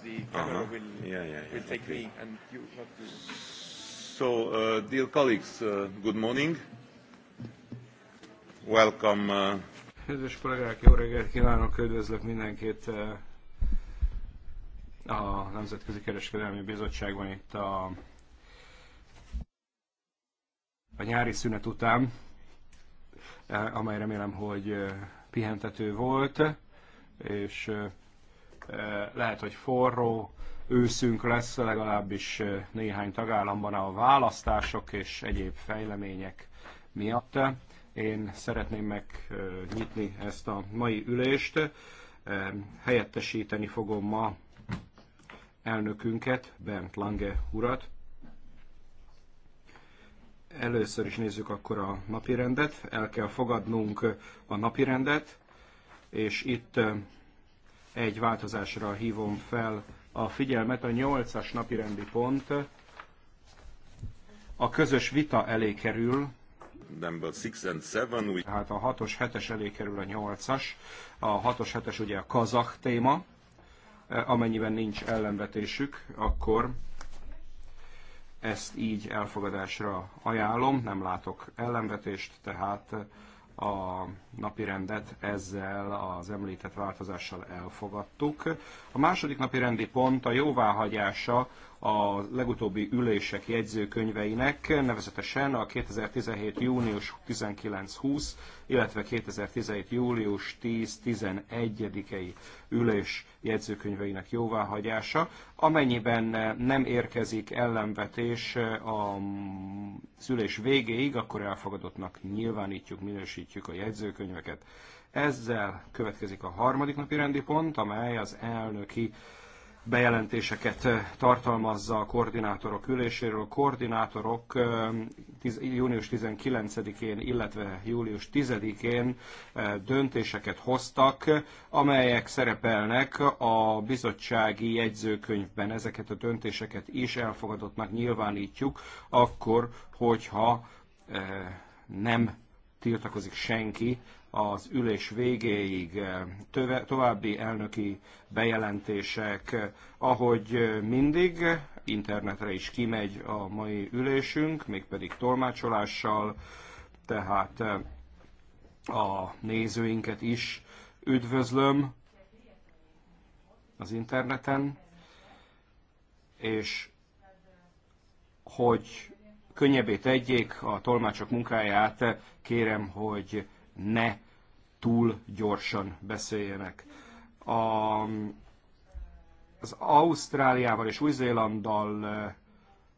because the camera uh -huh. will, yeah, yeah, yeah. will take okay. me and you not you. So, uh, dear colleagues, uh, good morning. Welcome. Uh... Kedves kollégák, jó reggelt kívánok, üdvözlök mindenkit uh, a Nemzetközi Kereskedelmi Bizottságban itt a, a nyári szünet után, uh, amely remélem, hogy uh, pihentető volt, és uh, lehet, hogy forró őszünk lesz legalábbis néhány tagállamban a választások és egyéb fejlemények miatt. Én szeretném megnyitni ezt a mai ülést. Helyettesíteni fogom ma elnökünket, Bent Lange urat. Először is nézzük akkor a napirendet. El kell fogadnunk a napirendet, és itt egy változásra hívom fel a figyelmet. A nyolcas napirendi pont a közös vita elé kerül, number six and seven, we... Tehát a 6-os, 7-es elé kerül a 8-as. A 6-os, 7-es ugye a kazakh téma. E, amennyiben nincs ellenvetésük, akkor ezt így elfogadásra ajánlom. Nem látok ellenvetést, tehát a napi rendet ezzel az említett változással elfogadtuk. A második napi rendi pont a jóváhagyása a legutóbbi ülések jegyzőkönyveinek, nevezetesen a 2017. június 19-20, illetve 2017. július 10-11-i ülés jegyzőkönyveinek jóváhagyása, amennyiben nem érkezik ellenvetés eh, a ülés végéig, akkor elfogadottnak nyilvánítjuk, minősítjük a jegyzőkönyveket. Ezzel következik a harmadik napi rendi pont, amely az elnöki bejelentéseket eh, tartalmazza a koordinátorok üléséről. A koordinátorok eh, június 19-én, illetve július 10-én eh, döntéseket hoztak, amelyek szerepelnek a bizottsági jegyzőkönyvben. Ezeket a döntéseket is elfogadottnak nyilvánítjuk, akkor, hogyha nem tiltakozik senki az ülés végéig eh, további elnöki bejelentések, eh, ahogy eh, mindig, internetre is kimegy a mai ülésünk, mégpedig tolmácsolással, tehát a nézőinket is üdvözlöm az interneten, és hogy könnyebbé tegyék a tolmácsok munkáját, kérem, hogy ne túl gyorsan beszéljenek. A, az Ausztráliával és Új-Zélanddal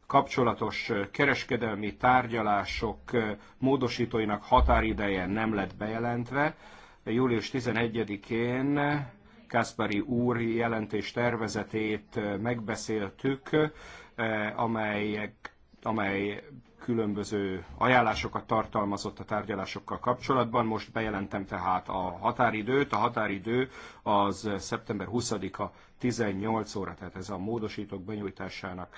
kapcsolatos kereskedelmi tárgyalások módosítóinak határideje nem lett bejelentve. Július 11-én Kaspari úr jelentés tervezetét megbeszéltük, amelyek, amely különböző ajánlásokat tartalmazott a tárgyalásokkal kapcsolatban. Most bejelentem tehát a határidőt. A határidő az szeptember 20-a 18 óra, tehát ez a módosítók benyújtásának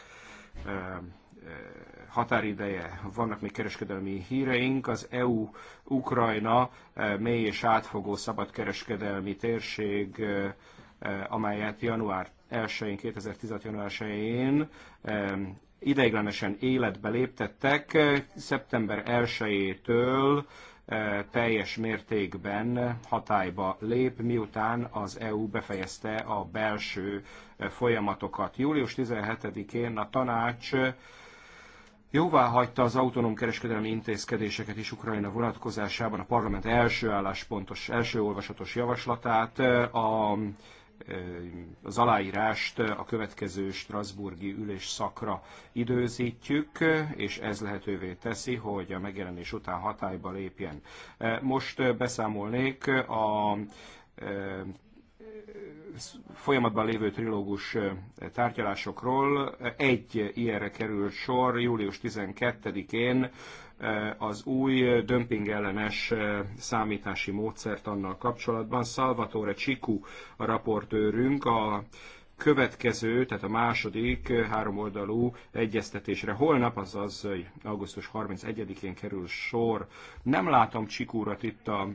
határideje. Vannak még kereskedelmi híreink, az EU-Ukrajna mély és átfogó szabadkereskedelmi térség, amelyet január 1-én, 2016. január 1-én ideiglenesen életbe léptettek szeptember 1-től eh, teljes mértékben hatályba lép, miután az EU befejezte a belső eh, folyamatokat. Július 17-én a tanács eh, jóvá hagyta az autonóm kereskedelmi intézkedéseket is Ukrajna vonatkozásában a parlament első álláspontos, első olvasatos javaslatát. A az aláírást a következő Strasburgi ülés szakra időzítjük, és ez lehetővé teszi, hogy a megjelenés után hatályba lépjen. Most beszámolnék a folyamatban lévő trilógus tárgyalásokról. Egy ilyenre került sor július 12-én Eh, az új eh, dömpingellenes eh, számítási módszert annal kapcsolatban. Salvatore Csiku a raportőrünk a következő, tehát a második háromoldalú egyeztetésre holnap, azaz augusztus 31-én kerül sor. Nem látom Csikúrat itt a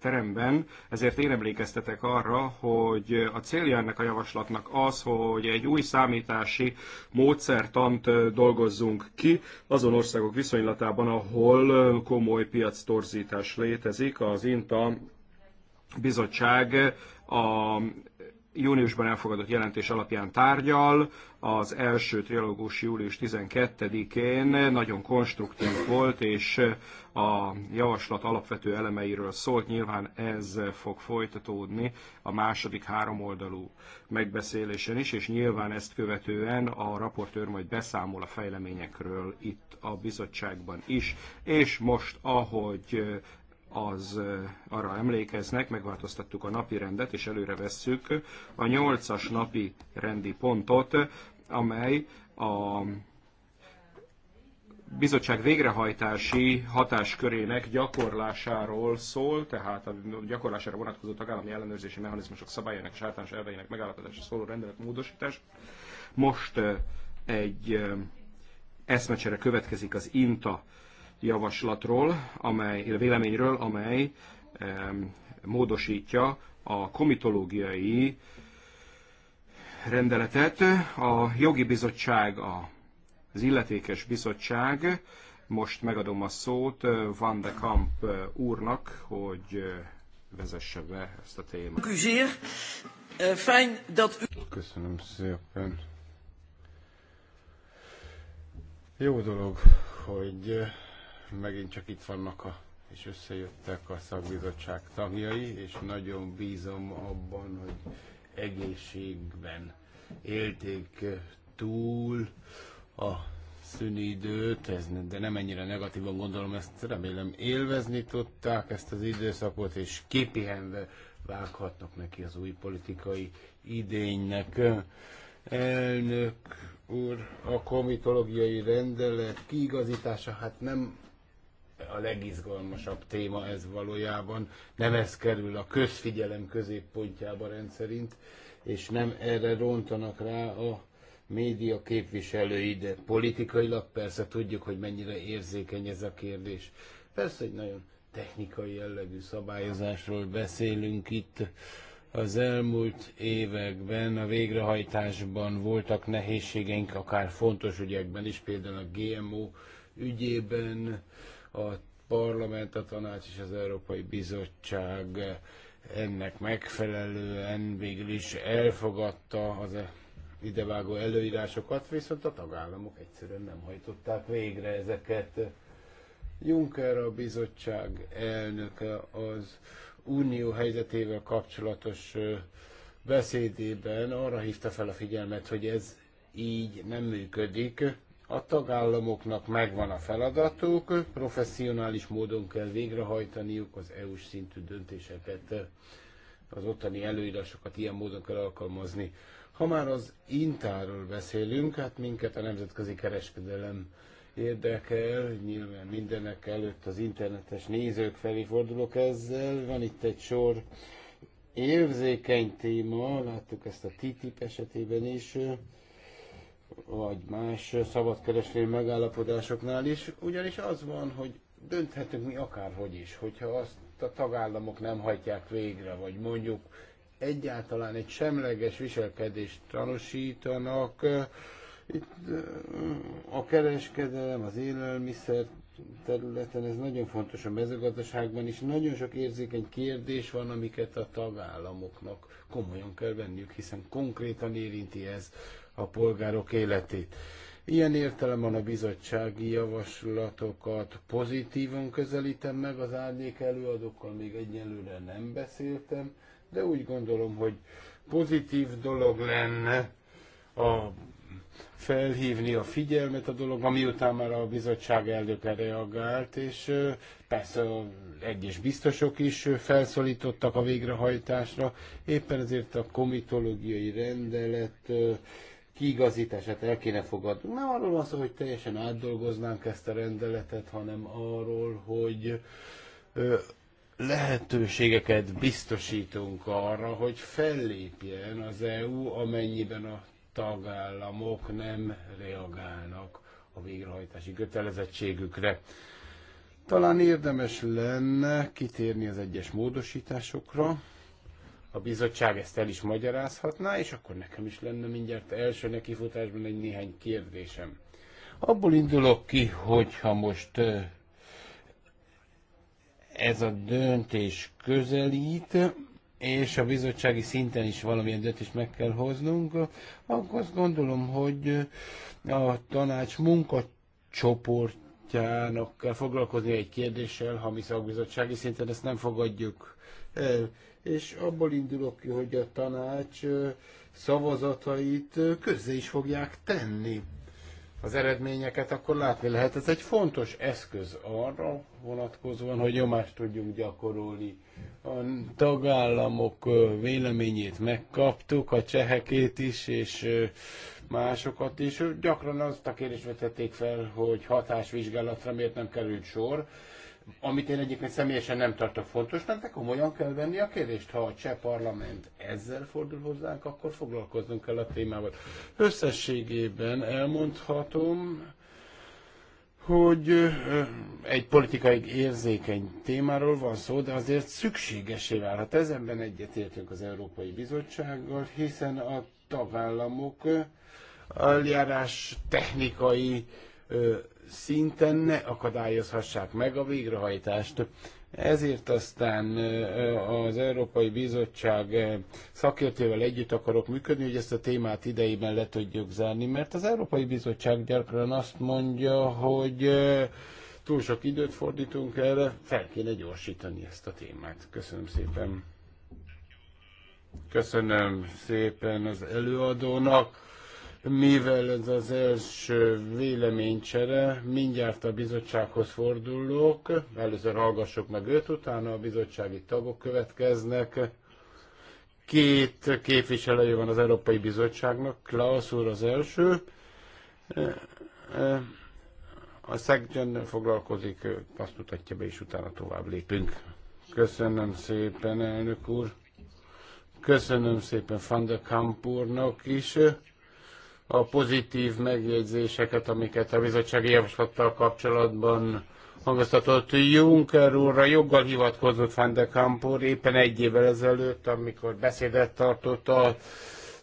teremben, ezért én emlékeztetek arra, hogy a célja ennek a javaslatnak az, hogy egy új számítási módszertant dolgozzunk ki azon országok viszonylatában, ahol komoly piac torzítás létezik. Az INTA bizottság a júniusban elfogadott jelentés alapján tárgyal. Az első trialógus július 12-én nagyon konstruktív volt, és a javaslat alapvető elemeiről szólt. Nyilván ez fog folytatódni a második háromoldalú megbeszélésen is, és nyilván ezt követően a raportőr majd beszámol a fejleményekről itt a bizottságban is. És most, ahogy az arra emlékeznek, megváltoztattuk a napi rendet, és előre vesszük a nyolcas napi rendi pontot, amely a bizottság végrehajtási hatáskörének gyakorlásáról szól, tehát a gyakorlására vonatkozó tagállami ellenőrzési mechanizmusok szabályának és általános elveinek megállapodása szóló rendelet módosítás. Most egy eszmecsere következik az INTA javaslatról, amely, véleményről, amely módosítja a komitológiai rendeletet. A jogi bizottság, az illetékes bizottság, most megadom a szót Van de Kamp úrnak, hogy vezesse be ezt a témát. Euh, Köszönöm szépen. Jó dolog, hogy megint csak itt vannak a, és összejöttek a szakbizottság tagjai, és nagyon bízom abban, hogy egészségben élték túl a szüni időt, ez, de nem ennyire negatívan gondolom, ezt remélem élvezni tudták ezt az időszakot, és kipihenve vághatnak neki az új politikai idénynek. Elnök úr, a komitológiai rendelet kiigazítása, hát nem a legizgalmasabb téma ez valójában. Nem ez kerül a közfigyelem középpontjába rendszerint, és nem erre rontanak rá a média képviselői, de politikailag persze tudjuk, hogy mennyire érzékeny ez a kérdés. Persze egy nagyon technikai jellegű szabályozásról beszélünk itt. Az elmúlt években a végrehajtásban voltak nehézségeink, akár fontos ügyekben is, például a GMO ügyében a parlament, a tanács és az Európai Bizottság ennek megfelelően végül is elfogadta az idevágó előírásokat, viszont a tagállamok egyszerűen nem hajtották végre ezeket. Juncker a bizottság elnöke az unió helyzetével kapcsolatos beszédében arra hívta fel a figyelmet, hogy ez így nem működik, a tagállamoknak megvan a feladatuk, professzionális módon kell végrehajtaniuk az EU-s szintű döntéseket, az ottani előírásokat ilyen módon kell alkalmazni. Ha már az intáról beszélünk, hát minket a nemzetközi kereskedelem érdekel, nyilván mindenek előtt az internetes nézők felé fordulok ezzel. Van itt egy sor érzékeny téma, láttuk ezt a TTIP esetében is, vagy más szabadkereskedelmi megállapodásoknál is, ugyanis az van, hogy dönthetünk mi akárhogy is, hogyha azt a tagállamok nem hajtják végre, vagy mondjuk egyáltalán egy semleges viselkedést tanúsítanak. Eh, itt eh, a kereskedelem, az élelmiszer területen, ez nagyon fontos a mezőgazdaságban is, nagyon sok érzékeny kérdés van, amiket a tagállamoknak komolyan kell venniük, hiszen konkrétan érinti ez a polgárok életét. Ilyen értelemben a bizottsági javaslatokat pozitívan közelítem meg, az árnyék előadókkal még egyelőre nem beszéltem, de úgy gondolom, hogy pozitív dolog lenne a felhívni a figyelmet a dologra, miután már a bizottság elnöke reagált, és persze egyes biztosok is felszólítottak a végrehajtásra. Éppen ezért a komitológiai rendelet kiigazítását el kéne fogadnunk. Nem arról van szó, hogy teljesen átdolgoznánk ezt a rendeletet, hanem arról, hogy ö, lehetőségeket biztosítunk arra, hogy fellépjen az EU, amennyiben a tagállamok nem reagálnak a végrehajtási kötelezettségükre. Talán érdemes lenne kitérni az egyes módosításokra a bizottság ezt el is magyarázhatná, és akkor nekem is lenne mindjárt első nekifutásban egy néhány kérdésem. Abból indulok ki, hogyha most ez a döntés közelít, és a bizottsági szinten is valamilyen döntést meg kell hoznunk, akkor azt gondolom, hogy a tanács munkacsoportjának kell foglalkozni egy kérdéssel, ha mi szakbizottsági szinten ezt nem fogadjuk és abból indulok ki, hogy a tanács szavazatait közzé is fogják tenni. Az eredményeket akkor látni lehet. Ez egy fontos eszköz arra vonatkozóan, hogy nyomást tudjunk gyakorolni. A tagállamok véleményét megkaptuk, a csehekét is, és másokat is. Gyakran azt a kérdést vetették fel, hogy hatásvizsgálatra miért nem került sor amit én egyébként személyesen nem tartok fontosnak, de komolyan kell venni a kérdést. Ha a cseh parlament ezzel fordul hozzánk, akkor foglalkoznunk kell a témával. Összességében elmondhatom, hogy egy politikai érzékeny témáról van szó, de azért szükségesé válhat. Ezenben egyetértünk az Európai Bizottsággal, hiszen a tagállamok eljárás technikai szinten ne akadályozhassák meg a végrehajtást. Ezért aztán az Európai Bizottság szakértővel együtt akarok működni, hogy ezt a témát idejében le tudjuk zárni, mert az Európai Bizottság gyakran azt mondja, hogy túl sok időt fordítunk erre, fel kéne gyorsítani ezt a témát. Köszönöm szépen. Köszönöm szépen az előadónak mivel ez az első véleménycsere, mindjárt a bizottsághoz fordulok, először hallgassuk meg őt, utána a bizottsági tagok következnek. Két képviselője van az Európai Bizottságnak, Klaus úr az első, e, e, a Szegyen foglalkozik, azt mutatja be, és utána tovább lépünk. Köszönöm szépen, elnök úr. Köszönöm szépen Van de Kamp úrnak is a pozitív megjegyzéseket, amiket a bizottsági javaslattal kapcsolatban hangoztatott Juncker úrra joggal hivatkozott Van de Kampur éppen egy évvel ezelőtt, amikor beszédet tartott a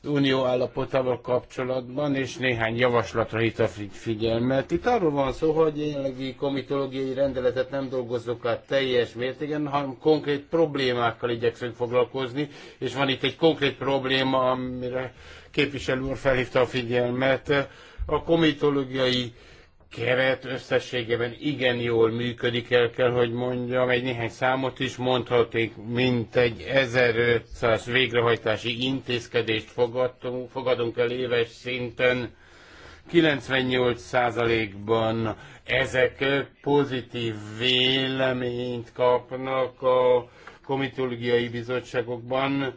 unió állapotával kapcsolatban, és néhány javaslatra a figyelmet. Itt arról van szó, hogy jelenlegi komitológiai rendeletet nem dolgozzuk át teljes mértékben, hanem konkrét problémákkal igyekszünk foglalkozni, és van itt egy konkrét probléma, amire képviselő úr felhívta a figyelmet, a komitológiai keret összességében igen jól működik, el kell, hogy mondjam, egy néhány számot is mondhatnék, mint egy 1500 végrehajtási intézkedést fogadtunk, fogadunk el éves szinten, 98%-ban ezek pozitív véleményt kapnak a komitológiai bizottságokban,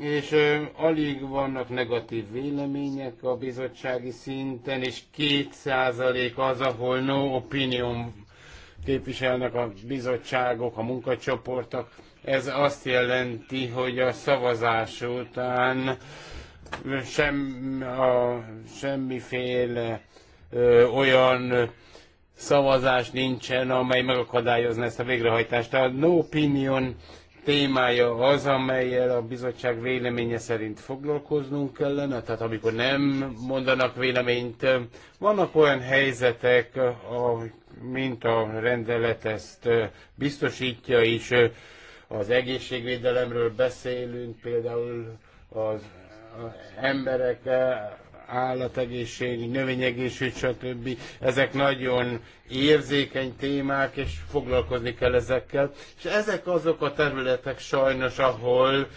és alig vannak negatív vélemények a bizottsági szinten, és 2% az, ahol no opinion képviselnek a bizottságok, a munkacsoportok. Ez azt jelenti, hogy a szavazás után sem, a, semmiféle ö, olyan szavazás nincsen, amely megakadályozna ezt a végrehajtást. A no opinion témája az, amelyel a bizottság véleménye szerint foglalkoznunk kellene, tehát amikor nem mondanak véleményt, vannak olyan helyzetek, mint a rendelet ezt biztosítja is, az egészségvédelemről beszélünk, például az emberek állategészség, növényegészség, stb. Ezek nagyon érzékeny témák, és foglalkozni kell ezekkel. És ezek azok a területek sajnos, ahol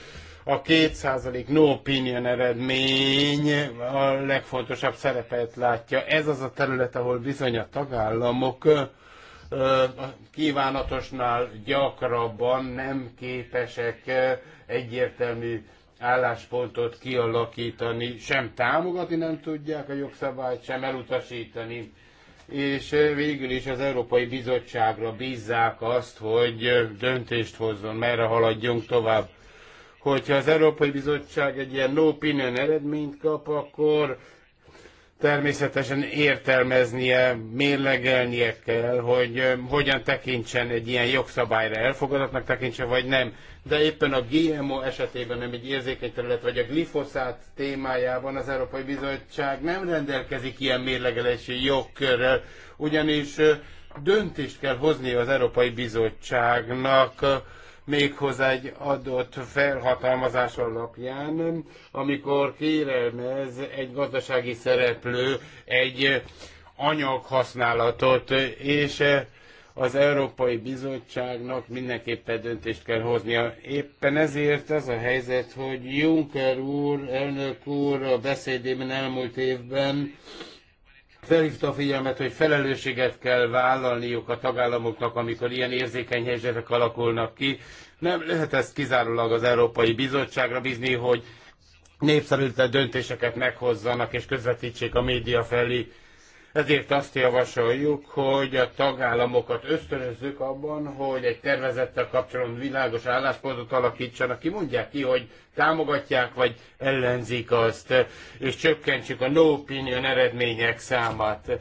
a 2% no opinion eredmény a legfontosabb szerepet látja. Ez az a terület, ahol bizony a tagállamok kívánatosnál gyakrabban nem képesek egyértelmű álláspontot kialakítani, sem támogatni nem tudják a jogszabályt, sem elutasítani. És eh, végül is az Európai Bizottságra bízzák azt, hogy eh, döntést hozzon, merre haladjunk tovább hogyha az Európai Bizottság egy ilyen no opinion eredményt kap, akkor természetesen értelmeznie, mérlegelnie kell, hogy hogyan tekintsen egy ilyen jogszabályra, elfogadatnak tekintsen vagy nem. De éppen a GMO esetében, nem egy érzékeny terület, vagy a glifoszát témájában az Európai Bizottság nem rendelkezik ilyen mérlegelési jogkörrel, ugyanis döntést kell hozni az Európai Bizottságnak méghozzá egy adott felhatalmazás alapján, amikor kérelmez egy gazdasági szereplő egy anyaghasználatot, és az Európai Bizottságnak mindenképpen döntést kell hoznia. Éppen ezért az a helyzet, hogy Juncker úr, elnök úr a beszédében elmúlt évben felhívta a figyelmet, hogy felelősséget kell vállalniuk a tagállamoknak, amikor ilyen érzékeny helyzetek alakulnak ki. Nem lehet ezt kizárólag az Európai Bizottságra bízni, hogy népszerűtlen döntéseket meghozzanak és közvetítsék a média felé. Ezért azt javasoljuk, hogy a tagállamokat ösztönözzük abban, hogy egy tervezettel kapcsolatban világos álláspontot alakítsanak ki, mondják ki, hogy támogatják vagy ellenzik azt, és csökkentsük a no opinion eredmények számát.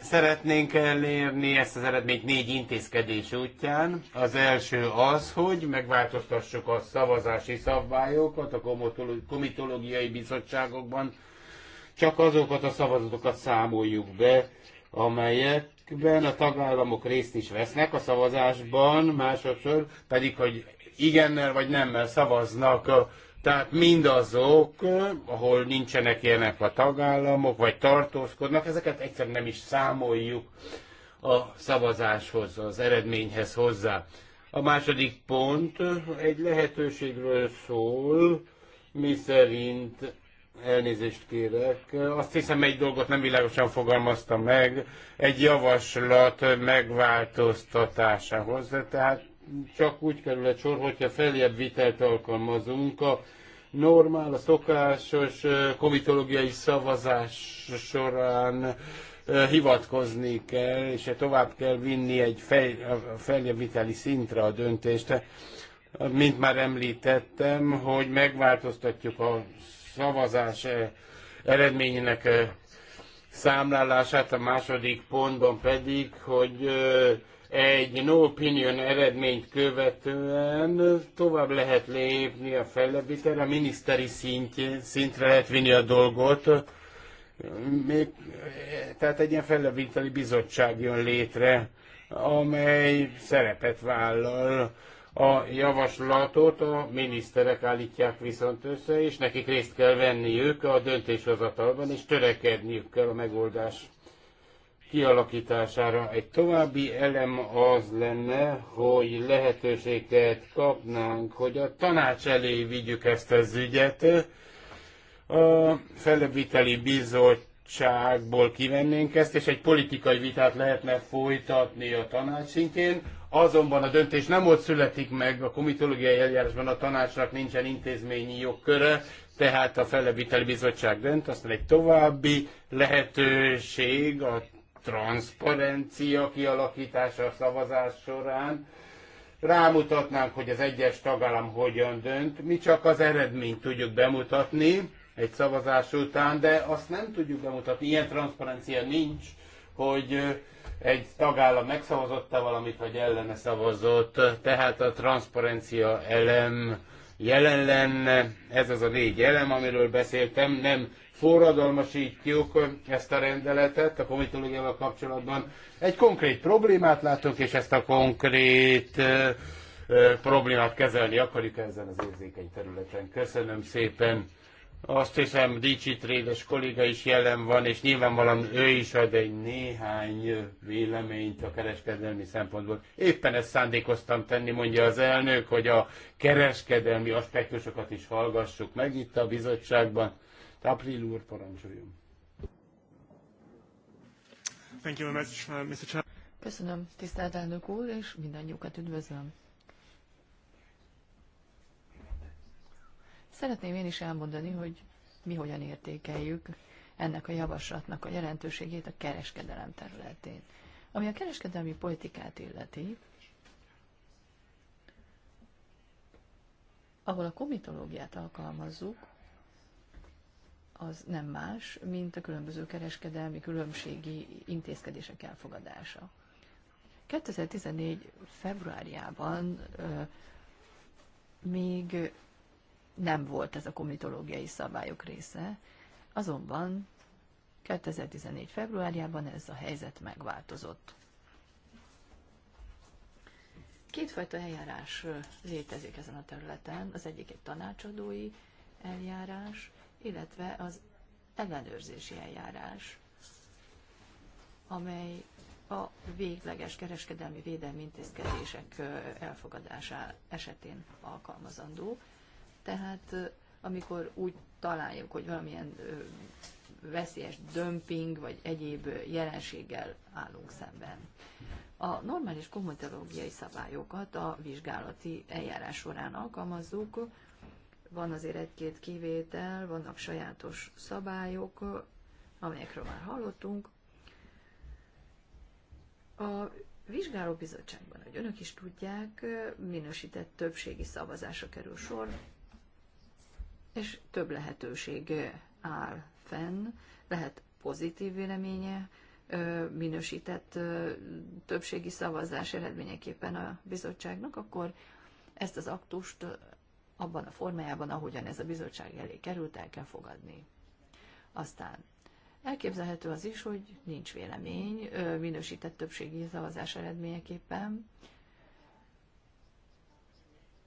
Szeretnénk elérni ezt az eredményt négy intézkedés útján. Az első az, hogy megváltoztassuk a szavazási szabályokat a komitológiai bizottságokban, csak azokat a szavazatokat számoljuk be, amelyekben a tagállamok részt is vesznek a szavazásban, másodszor pedig, hogy igennel vagy nemmel szavaznak, tehát mindazok, ahol nincsenek ilyenek a tagállamok, vagy tartózkodnak, ezeket egyszerűen nem is számoljuk a szavazáshoz, az eredményhez hozzá. A második pont egy lehetőségről szól, mi szerint Elnézést kérek. Azt hiszem, egy dolgot nem világosan fogalmazta meg, egy javaslat megváltoztatásához. Tehát csak úgy kerül a sor, hogyha feljebb vitelt alkalmazunk. A normál, a szokásos komitológiai szavazás során hivatkozni kell, és tovább kell vinni egy fej, feljebb viteli szintre a döntést. Mint már említettem, hogy megváltoztatjuk a szavazás eh, eredményének eh, számlálását, a második pontban pedig, hogy eh, egy no opinion eredményt követően tovább lehet lépni a fellebbítőre, a miniszteri szintjén, szintre lehet vinni a dolgot. Még, tehát egy ilyen fellebbíteli bizottság jön létre, amely szerepet vállal a javaslatot a miniszterek állítják viszont össze, és nekik részt kell venniük a döntéshozatalban, és törekedniük kell a megoldás kialakítására. Egy további elem az lenne, hogy lehetőséget kapnánk, hogy a tanács elé vigyük ezt az ügyet. A felviteli bizottságból kivennénk ezt, és egy politikai vitát lehetne folytatni a tanács szintén. Azonban a döntés nem ott születik meg, a komitológiai eljárásban a tanácsnak nincsen intézményi jogköre, tehát a feleviteli bizottság dönt, aztán egy további lehetőség a transzparencia kialakítása a szavazás során. Rámutatnánk, hogy az egyes tagállam hogyan dönt. Mi csak az eredményt tudjuk bemutatni egy szavazás után, de azt nem tudjuk bemutatni, ilyen transzparencia nincs, hogy egy tagállam megszavazotta valamit, vagy ellene szavazott, tehát a transzparencia elem jelen lenne, ez az a négy elem, amiről beszéltem, nem forradalmasítjuk ezt a rendeletet a komitológiával kapcsolatban. Egy konkrét problémát látok, és ezt a konkrét problémát kezelni akarjuk ezen az érzékeny területen. Köszönöm szépen! Azt hiszem, dicsitrédes kolléga is jelen van, és nyilvánvalóan ő is ad egy néhány véleményt a kereskedelmi szempontból. Éppen ezt szándékoztam tenni, mondja az elnök, hogy a kereskedelmi aspektusokat is hallgassuk meg itt a bizottságban. Tapril úr, parancsoljon. Uh, Köszönöm, tisztelt elnök úr, és mindannyiukat üdvözlöm. Szeretném én is elmondani, hogy mi hogyan értékeljük ennek a javaslatnak a jelentőségét a kereskedelem területén. Ami a kereskedelmi politikát illeti, ahol a komitológiát alkalmazzuk, az nem más, mint a különböző kereskedelmi különbségi intézkedések elfogadása. 2014. februárjában ö, még nem volt ez a komitológiai szabályok része, azonban 2014. februárjában ez a helyzet megváltozott. Kétfajta eljárás létezik ezen a területen, az egyik egy tanácsadói eljárás, illetve az ellenőrzési eljárás, amely a végleges kereskedelmi védelmi intézkedések elfogadása esetén alkalmazandó. Tehát amikor úgy találjuk, hogy valamilyen veszélyes dömping vagy egyéb jelenséggel állunk szemben. A normális komitológiai szabályokat a vizsgálati eljárás során alkalmazzuk. Van azért egy-két kivétel, vannak sajátos szabályok, amelyekről már hallottunk. A vizsgálóbizottságban, hogy önök is tudják, minősített többségi szavazásra kerül sor, és több lehetőség áll fenn, lehet pozitív véleménye, minősített többségi szavazás eredményeképpen a bizottságnak, akkor ezt az aktust abban a formájában, ahogyan ez a bizottság elé került, el kell fogadni. Aztán elképzelhető az is, hogy nincs vélemény minősített többségi szavazás eredményeképpen,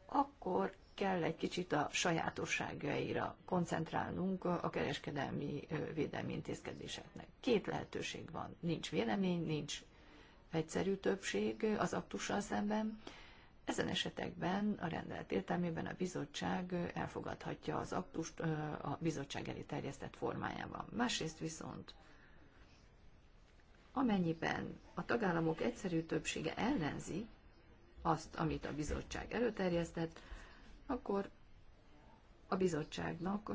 akkor kell egy kicsit a sajátosságaira koncentrálnunk a kereskedelmi védelmi intézkedéseknek. Két lehetőség van. Nincs vélemény, nincs egyszerű többség az aktussal szemben. Ezen esetekben a rendelet értelmében a bizottság elfogadhatja az aktust a bizottság elé terjesztett formájában. Másrészt viszont, amennyiben a tagállamok egyszerű többsége ellenzi azt, amit a bizottság előterjesztett, akkor a bizottságnak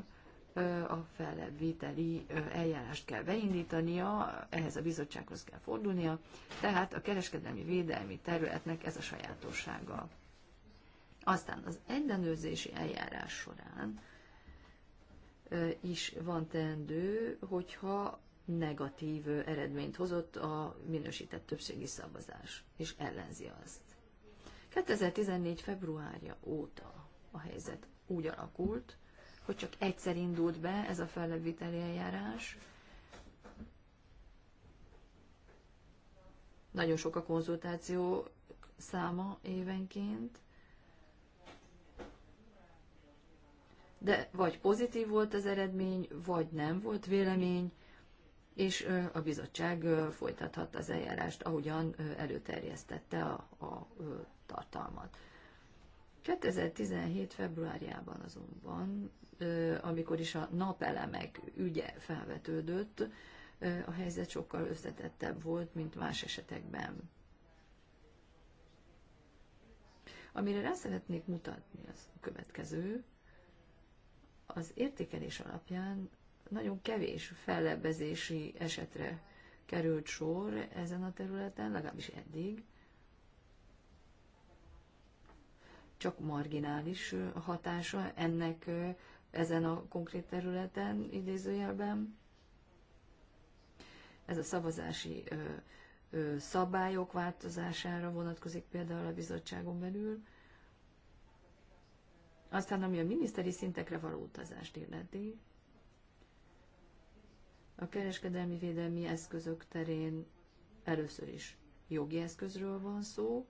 a felvételi eljárást kell beindítania, ehhez a bizottsághoz kell fordulnia, tehát a kereskedelmi védelmi területnek ez a sajátossága. Aztán az ellenőrzési eljárás során is van teendő, hogyha negatív eredményt hozott a minősített többségi szavazás, és ellenzi azt. 2014. februárja óta a helyzet úgy alakult, hogy csak egyszer indult be ez a fellebbviteli eljárás. Nagyon sok a konzultáció száma évenként. De vagy pozitív volt az eredmény, vagy nem volt vélemény, és a bizottság folytathatta az eljárást, ahogyan előterjesztette a, a tartalmat. 2017. februárjában azonban, amikor is a napelemek ügye felvetődött, a helyzet sokkal összetettebb volt, mint más esetekben. Amire rá szeretnék mutatni az a következő, az értékelés alapján nagyon kevés fellebbezési esetre került sor ezen a területen, legalábbis eddig, csak marginális hatása ennek ezen a konkrét területen idézőjelben. Ez a szavazási szabályok változására vonatkozik például a bizottságon belül. Aztán, ami a miniszteri szintekre való utazást illeti, a kereskedelmi védelmi eszközök terén először is jogi eszközről van szó,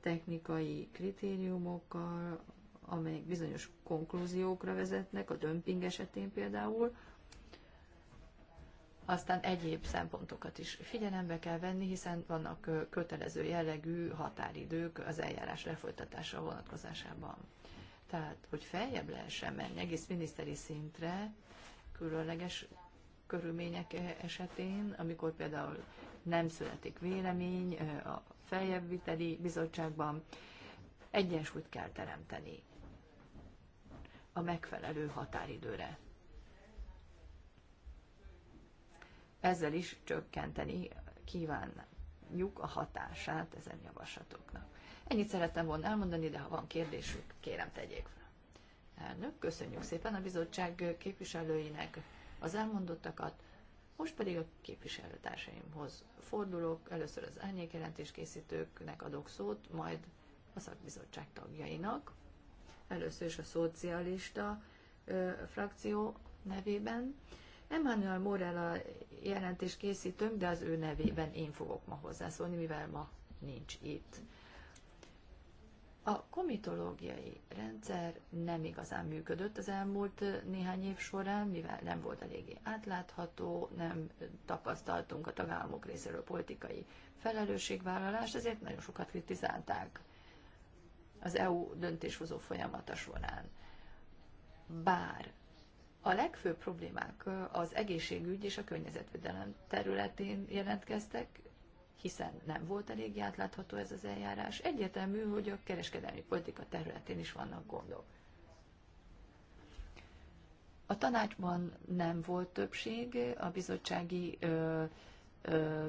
technikai kritériumokkal, amelyek bizonyos konklúziókra vezetnek, a dömping esetén például. Aztán egyéb szempontokat is figyelembe kell venni, hiszen vannak kötelező jellegű határidők az eljárás lefolytatása vonatkozásában. Tehát, hogy feljebb lehessen menni egész miniszteri szintre, különleges körülmények e- esetén, amikor például nem születik vélemény feljebbviteli bizottságban egyensúlyt kell teremteni a megfelelő határidőre. Ezzel is csökkenteni kívánjuk a hatását ezen javaslatoknak. Ennyit szerettem volna elmondani, de ha van kérdésük, kérem tegyék fel. Elnök, köszönjük szépen a bizottság képviselőinek az elmondottakat. Most pedig a képviselőtársaimhoz fordulok, először az árnyékjelentés készítőknek adok szót, majd a szakbizottság tagjainak. Először is a szocialista ö, frakció nevében. Emmanuel Morel a jelentés készítőm, de az ő nevében én fogok ma hozzászólni, mivel ma nincs itt. A komitológiai rendszer nem igazán működött az elmúlt néhány év során, mivel nem volt eléggé átlátható, nem tapasztaltunk a tagállamok részéről politikai felelősségvállalást, ezért nagyon sokat kritizálták az EU döntéshozó folyamata során. Bár a legfőbb problémák az egészségügy és a környezetvédelem területén jelentkeztek, hiszen nem volt elég átlátható ez az eljárás. Egyértelmű, hogy a kereskedelmi politika területén is vannak gondok. A tanácsban nem volt többség a bizottsági ö, ö,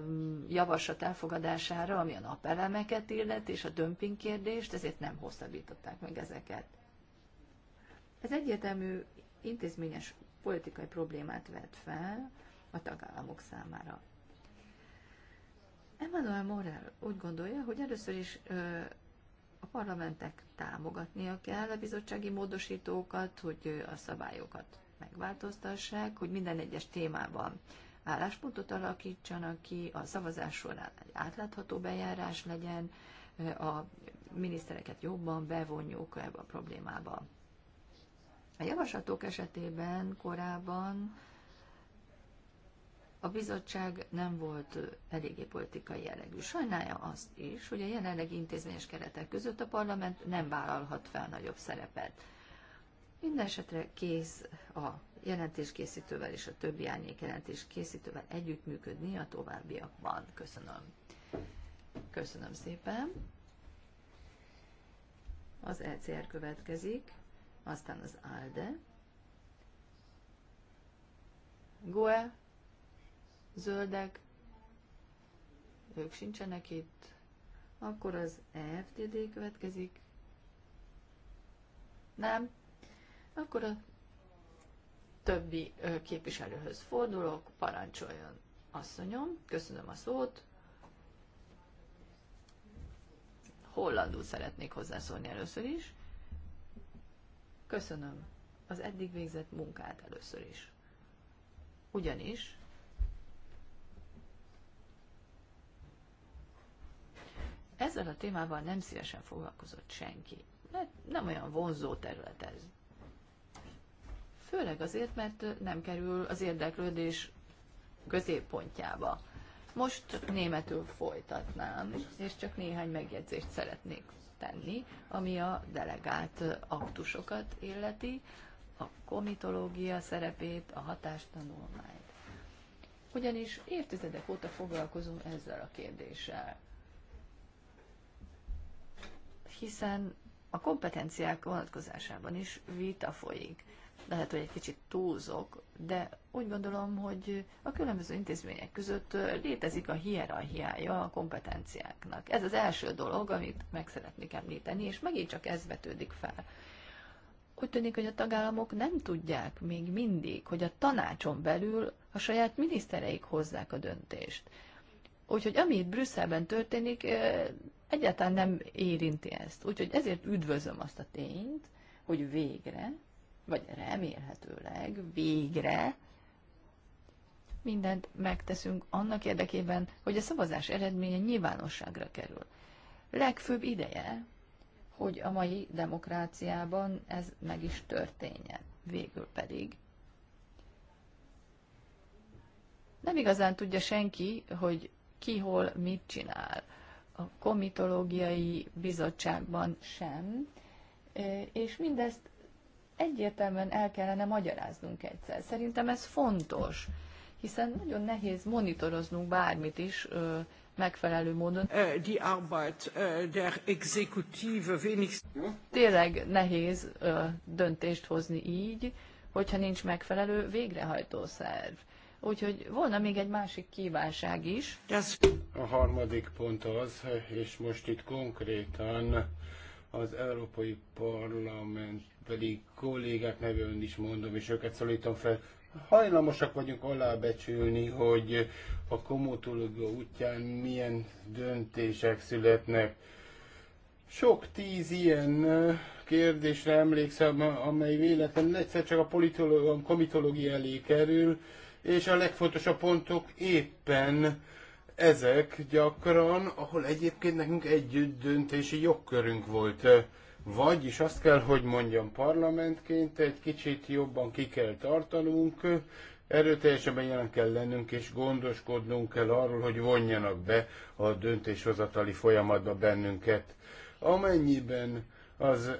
javaslat elfogadására, ami a napelemeket illet, és a dömping kérdést, ezért nem hosszabbították meg ezeket. Ez egyértelmű intézményes politikai problémát vet fel a tagállamok számára. Emmanuel Morel úgy gondolja, hogy először is a parlamentnek támogatnia kell a bizottsági módosítókat, hogy a szabályokat megváltoztassák, hogy minden egyes témában álláspontot alakítsanak ki, a szavazás során egy átlátható bejárás legyen, a minisztereket jobban bevonjuk ebbe a problémába. A javaslatok esetében korábban a bizottság nem volt eléggé politikai jellegű. Sajnálja azt is, hogy a jelenlegi intézményes keretek között a parlament nem vállalhat fel nagyobb szerepet. Mindenesetre kész a jelentéskészítővel és a többi árnyék jelentéskészítővel együttműködni a továbbiakban. Köszönöm. Köszönöm szépen. Az ECR következik, aztán az ALDE. GUE zöldek, ők sincsenek itt, akkor az EFTD következik. Nem? Akkor a többi képviselőhöz fordulok, parancsoljon asszonyom, köszönöm a szót. Hollandul szeretnék hozzászólni először is. Köszönöm az eddig végzett munkát először is. Ugyanis ezzel a témával nem szívesen foglalkozott senki, mert nem olyan vonzó terület ez. Főleg azért, mert nem kerül az érdeklődés középpontjába. Most németül folytatnám, és csak néhány megjegyzést szeretnék tenni, ami a delegált aktusokat illeti, a komitológia szerepét, a hatástanulmányt. Ugyanis évtizedek óta foglalkozunk ezzel a kérdéssel hiszen a kompetenciák vonatkozásában is vita folyik. Lehet, hogy egy kicsit túlzok, de úgy gondolom, hogy a különböző intézmények között létezik a hierarchiája a kompetenciáknak. Ez az első dolog, amit meg szeretnék említeni, és megint csak ez vetődik fel. Úgy tűnik, hogy a tagállamok nem tudják még mindig, hogy a tanácson belül a saját minisztereik hozzák a döntést. Úgyhogy ami itt Brüsszelben történik, egyáltalán nem érinti ezt. Úgyhogy ezért üdvözlöm azt a tényt, hogy végre, vagy remélhetőleg végre mindent megteszünk annak érdekében, hogy a szavazás eredménye nyilvánosságra kerül. Legfőbb ideje, hogy a mai demokráciában ez meg is történjen. Végül pedig nem igazán tudja senki, hogy ki hol mit csinál a komitológiai bizottságban sem, és mindezt egyértelműen el kellene magyaráznunk egyszer. Szerintem ez fontos, hiszen nagyon nehéz monitoroznunk bármit is megfelelő módon. Tényleg nehéz döntést hozni így, hogyha nincs megfelelő végrehajtószerv. Úgyhogy volna még egy másik kívánság is. A harmadik pont az, és most itt konkrétan az Európai Parlamentbeli kollégák nevében is mondom, és őket szólítom fel, hajlamosak vagyunk alábecsülni, hogy a komotológia útján milyen döntések születnek. Sok tíz ilyen kérdésre emlékszem, amely véletlenül egyszer csak a politológia, komitológia elé kerül, és a legfontosabb pontok éppen ezek gyakran, ahol egyébként nekünk együtt döntési jogkörünk volt. Vagyis azt kell, hogy mondjam, parlamentként egy kicsit jobban ki kell tartanunk, erőteljesen jelen kell lennünk, és gondoskodnunk kell arról, hogy vonjanak be a döntéshozatali folyamatba bennünket. Amennyiben az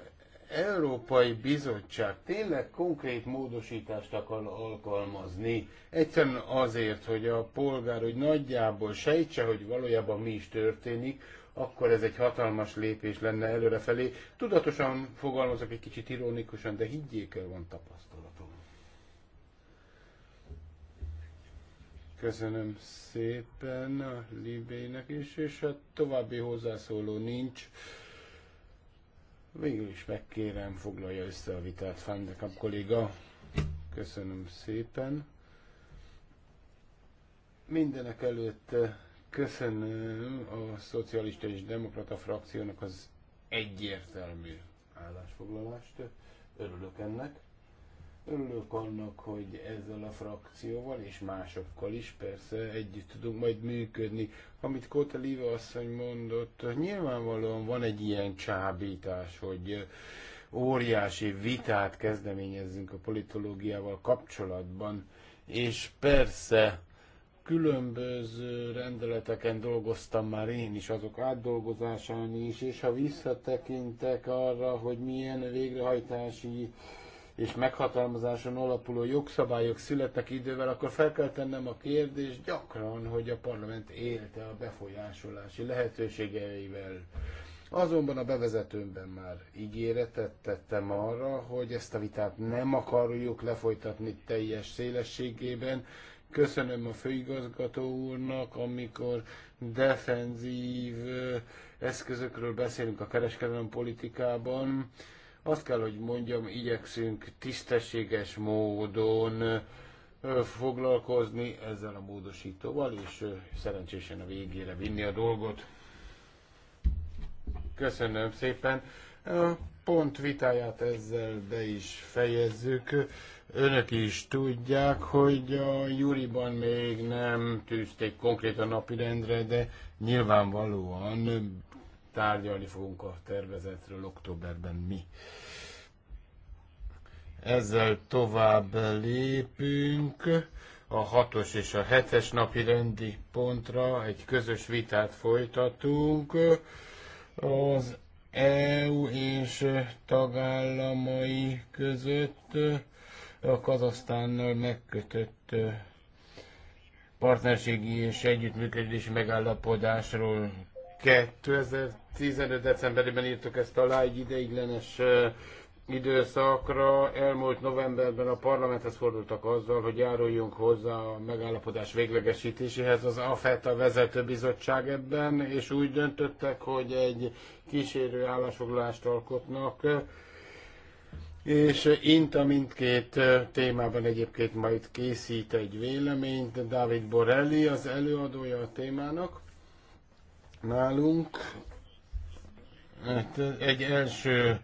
Európai Bizottság tényleg konkrét módosítást akar alkalmazni, egyszerűen azért, hogy a polgár hogy nagyjából sejtse, hogy valójában mi is történik, akkor ez egy hatalmas lépés lenne előrefelé. Tudatosan fogalmazok egy kicsit ironikusan, de higgyék el, van tapasztalatom. Köszönöm szépen a Libének is, és a további hozzászóló nincs. Végül is megkérem, foglalja össze a vitát, Fandekap kolléga. Köszönöm szépen. Mindenek előtt eh, köszönöm a Szocialista és Demokrata frakciónak az egyértelmű állásfoglalást. Örülök ennek. Örülök annak, hogy ezzel a frakcióval és másokkal is persze együtt tudunk majd működni. Amit Kóta Liva asszony mondott, nyilvánvalóan van egy ilyen csábítás, hogy óriási vitát kezdeményezzünk a politológiával kapcsolatban, és persze különböző rendeleteken dolgoztam már én is, azok átdolgozásán is, és ha visszatekintek arra, hogy milyen végrehajtási és meghatalmazáson alapuló jogszabályok születtek idővel, akkor fel kell tennem a kérdést gyakran, hogy a parlament élte a befolyásolási lehetőségeivel. Azonban a bevezetőmben már ígéretet tettem arra, hogy ezt a vitát nem akarjuk lefolytatni teljes szélességében. Köszönöm a főigazgató úrnak, amikor defenzív eszközökről beszélünk a kereskedelem politikában, azt kell, hogy mondjam, igyekszünk tisztességes módon foglalkozni ezzel a módosítóval, és szerencsésen a végére vinni a dolgot. Köszönöm szépen. A pont vitáját ezzel be is fejezzük. Önök is tudják, hogy a Juriban még nem tűzték konkrétan napirendre, de nyilvánvalóan tárgyalni fogunk a tervezetről októberben mi. Ezzel tovább lépünk a hatos és a hetes napi rendi pontra egy közös vitát folytatunk. Az EU és tagállamai között a Kazasztánnal megkötött partnerségi és együttműködési megállapodásról 2000 15 decemberében írtuk ezt alá egy ideiglenes időszakra. Elmúlt novemberben a parlamenthez fordultak azzal, hogy járuljunk hozzá a megállapodás véglegesítéséhez. Az AFET a bizottság ebben, és úgy döntöttek, hogy egy kísérő állásfoglalást alkotnak, és Inta mindkét témában egyébként majd készít egy véleményt. David Borelli az előadója a témának nálunk, Hát, egy első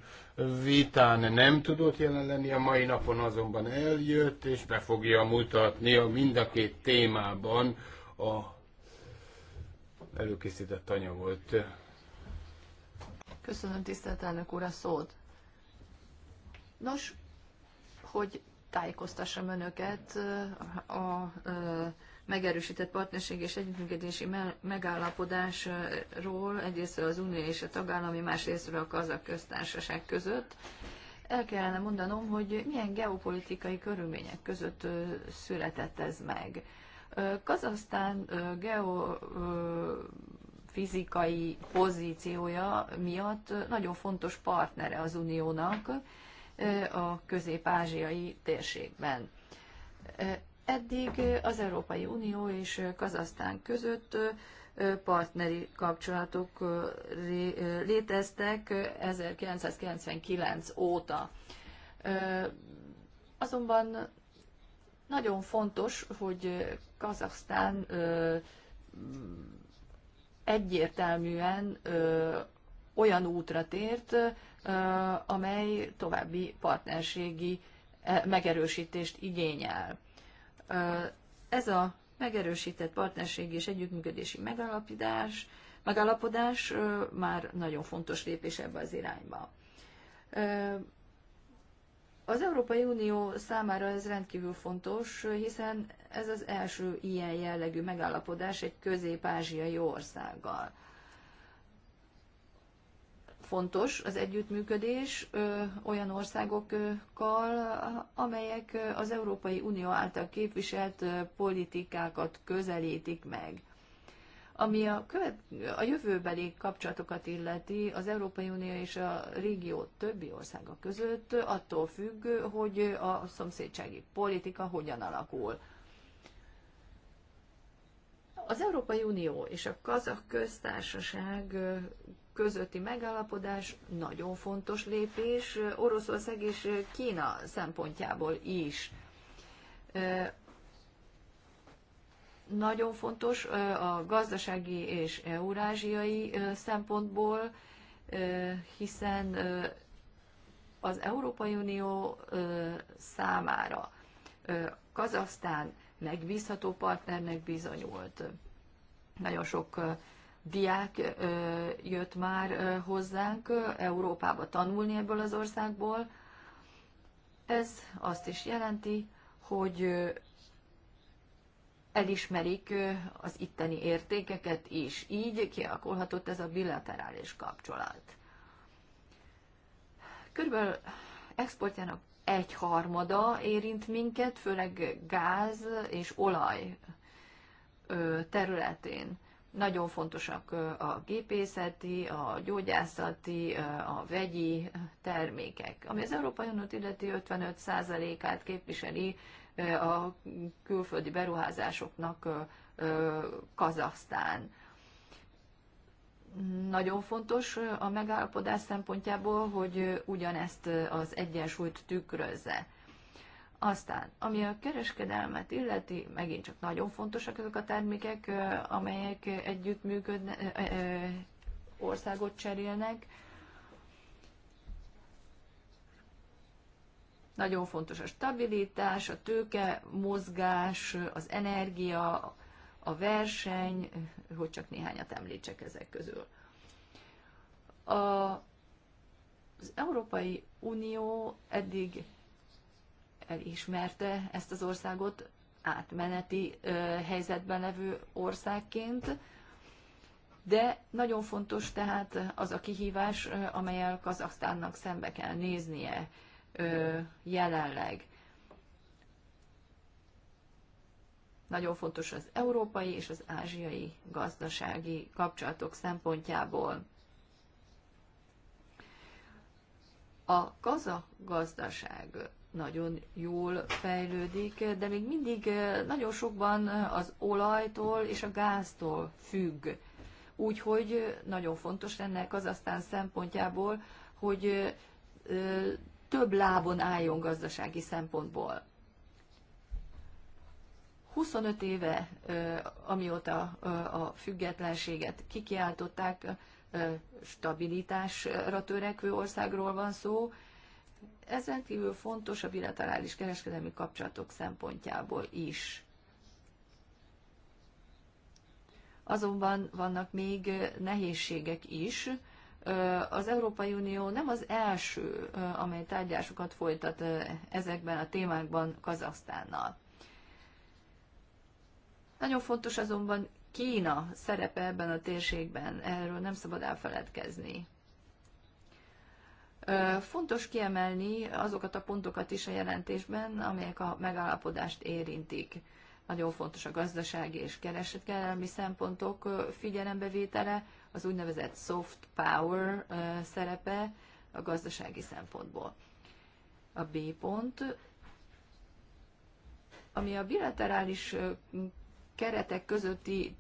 vitán nem tudott jelen lenni, a mai napon azonban eljött, és be fogja mutatni a mind a két témában a előkészített anyagot. Köszönöm tisztelt elnök úr a szót. Nos, hogy tájékoztassam önöket a, a, a megerősített partnerség és együttműködési megállapodásról, egyrészt az Unió és a tagállami, másrészt a Kazak köztársaság között. El kellene mondanom, hogy milyen geopolitikai körülmények között született ez meg. Kazasztán geofizikai pozíciója miatt nagyon fontos partnere az Uniónak a közép-ázsiai térségben Eddig az Európai Unió és Kazasztán között partneri kapcsolatok léteztek 1999 óta. Azonban nagyon fontos, hogy Kazasztán egyértelműen olyan útra tért, amely további partnerségi e, megerősítést igényel. Ez a megerősített partnerségi és együttműködési megállapodás, megállapodás már nagyon fontos lépés ebbe az irányba. Az Európai Unió számára ez rendkívül fontos, hiszen ez az első ilyen jellegű megállapodás egy közép-ázsiai országgal fontos az együttműködés olyan országokkal, amelyek az Európai Unió által képviselt politikákat közelítik meg. Ami a, követ, a jövőbeli kapcsolatokat illeti az Európai Unió és a régió többi országa között, attól függ, hogy a szomszédsági politika hogyan alakul. Az Európai Unió és a Kazak köztársaság közötti megállapodás nagyon fontos lépés Oroszország és Kína szempontjából is. Nagyon fontos a gazdasági és eurázsiai szempontból, hiszen az Európai Unió számára Kazasztán megbízható partnernek bizonyult. Nagyon sok diák jött már hozzánk Európába tanulni ebből az országból. Ez azt is jelenti, hogy elismerik az itteni értékeket is. Így kialakulhatott ez a bilaterális kapcsolat. Körülbelül exportjának egy harmada érint minket, főleg gáz és olaj területén. Nagyon fontosak a gépészeti, a gyógyászati, a vegyi termékek, ami az Európai Uniót illeti 55%-át képviseli a külföldi beruházásoknak Kazahsztán nagyon fontos a megállapodás szempontjából, hogy ugyanezt az egyensúlyt tükrözze. Aztán, ami a kereskedelmet illeti, megint csak nagyon fontosak ezek a termékek, amelyek együtt működnek, országot cserélnek. Nagyon fontos a stabilitás, a tőke, mozgás, az energia, a verseny, hogy csak néhányat említsek ezek közül. A, az Európai Unió eddig elismerte ezt az országot átmeneti helyzetben levő országként, de nagyon fontos tehát az a kihívás, amelyel Kazaksztánnak szembe kell néznie jelenleg. Nagyon fontos az európai és az ázsiai gazdasági kapcsolatok szempontjából. A kaza gazdaság nagyon jól fejlődik, de még mindig eh, nagyon sokban eh, az olajtól és a gáztól függ. Úgyhogy eh, nagyon fontos lenne Kazasztán szempontjából, hogy több lábon álljon gazdasági szempontból. 25 éve, amióta a függetlenséget kikiáltották, stabilitásra törekvő országról van szó, ezen kívül fontos a bilaterális kereskedelmi kapcsolatok szempontjából is. Azonban vannak még nehézségek is. Az Európai Unió nem az első, amely tárgyásokat folytat ezekben a témákban Kazasztánnal. Nagyon fontos azonban Kína szerepe ebben a térségben, erről nem szabad elfeledkezni. Fontos kiemelni azokat a pontokat is a jelentésben, amelyek a megállapodást érintik. Nagyon fontos a gazdasági és kereskedelmi szempontok figyelembevétele, az úgynevezett soft power szerepe a gazdasági szempontból. A B pont, ami a bilaterális keretek közötti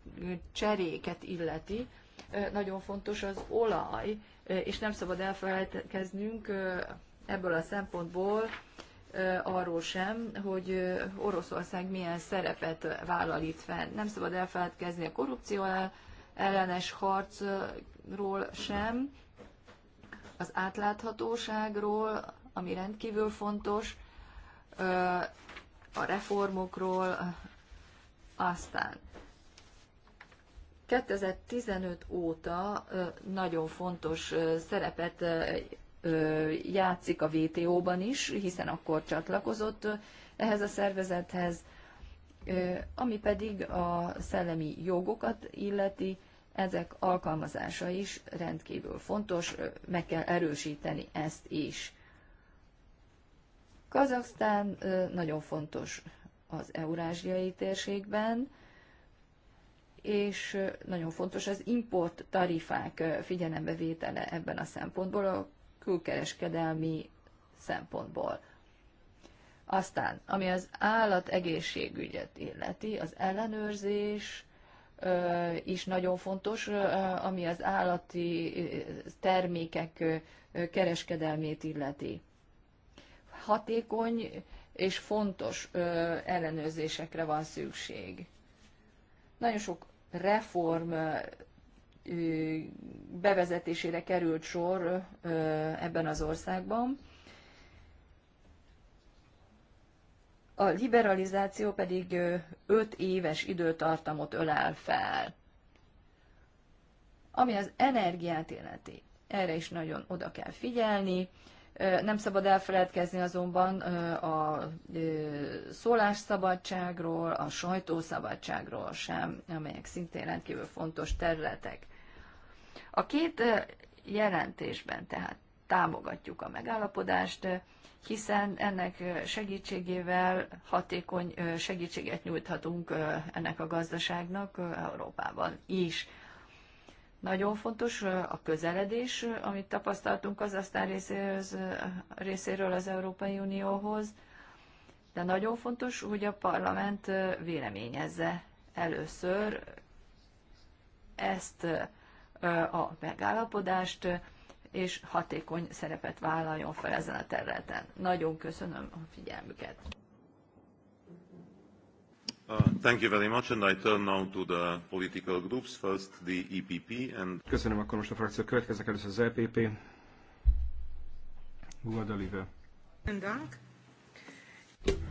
cseréket illeti, nagyon fontos az olaj, és nem szabad elfelejtkeznünk ebből a szempontból arról sem, hogy Oroszország milyen szerepet vállal itt fel. Nem szabad elfeledkezni a korrupció ellenes harcról sem, az átláthatóságról, ami rendkívül fontos, a reformokról, aztán 2015 óta nagyon fontos szerepet játszik a VTO-ban is, hiszen akkor csatlakozott ehhez a szervezethez, ami pedig a szellemi jogokat illeti, ezek alkalmazása is rendkívül fontos, meg kell erősíteni ezt is. Kazaksztán nagyon fontos az eurázsiai térségben, és nagyon fontos az import tarifák figyelembevétele ebben a szempontból, a külkereskedelmi szempontból. Aztán, ami az állat egészségügyet illeti, az ellenőrzés is nagyon fontos, ami az állati termékek kereskedelmét illeti. Hatékony és fontos ellenőrzésekre van szükség. Nagyon sok reform bevezetésére került sor ebben az országban. A liberalizáció pedig öt éves időtartamot ölel fel. Ami az energiát illeti, erre is nagyon oda kell figyelni, nem szabad elfeledkezni azonban a szólásszabadságról, a sajtószabadságról sem, amelyek szintén rendkívül fontos területek. A két jelentésben tehát támogatjuk a megállapodást, hiszen ennek segítségével hatékony segítséget nyújthatunk ennek a gazdaságnak Európában is. Nagyon fontos a közeledés, amit tapasztaltunk az aztán részéről, az Európai Unióhoz, de nagyon fontos, hogy a parlament véleményezze először ezt a megállapodást, és hatékony szerepet vállaljon fel ezen a területen. Nagyon köszönöm a figyelmüket! Uh, thank you very much, and I turn now to the political groups, first the EPP and... Köszönöm, akkor most a frakció következik először az EPP. Guadalive.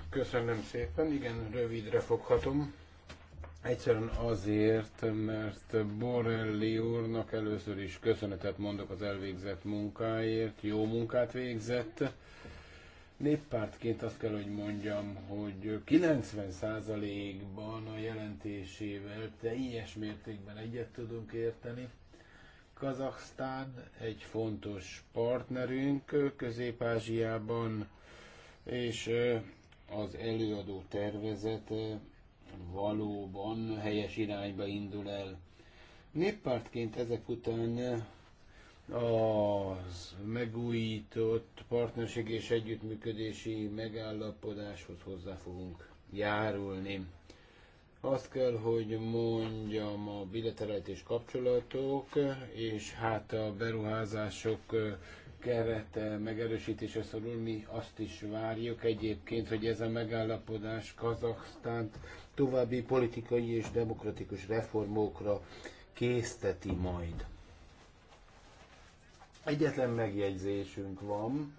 Köszönöm szépen, igen, rövidre foghatom. Egyszerűen azért, mert Borrelli úrnak először is köszönetet mondok az elvégzett munkáért, jó munkát végzett Néppártként azt kell, hogy mondjam, hogy 90%-ban a jelentésével teljes mértékben egyet tudunk érteni. Kazaksztán egy fontos partnerünk Közép-Ázsiában, és az előadó tervezete valóban helyes irányba indul el. Néppártként ezek után az megújított partnerség és együttműködési megállapodáshoz hozzá fogunk járulni. Azt kell, hogy mondjam, a bilaterális kapcsolatok és hát a beruházások kerete megerősítése szorul. Mi azt is várjuk egyébként, hogy ez a megállapodás Kazaksztánt további politikai és demokratikus reformokra készteti majd. Egyetlen megjegyzésünk van,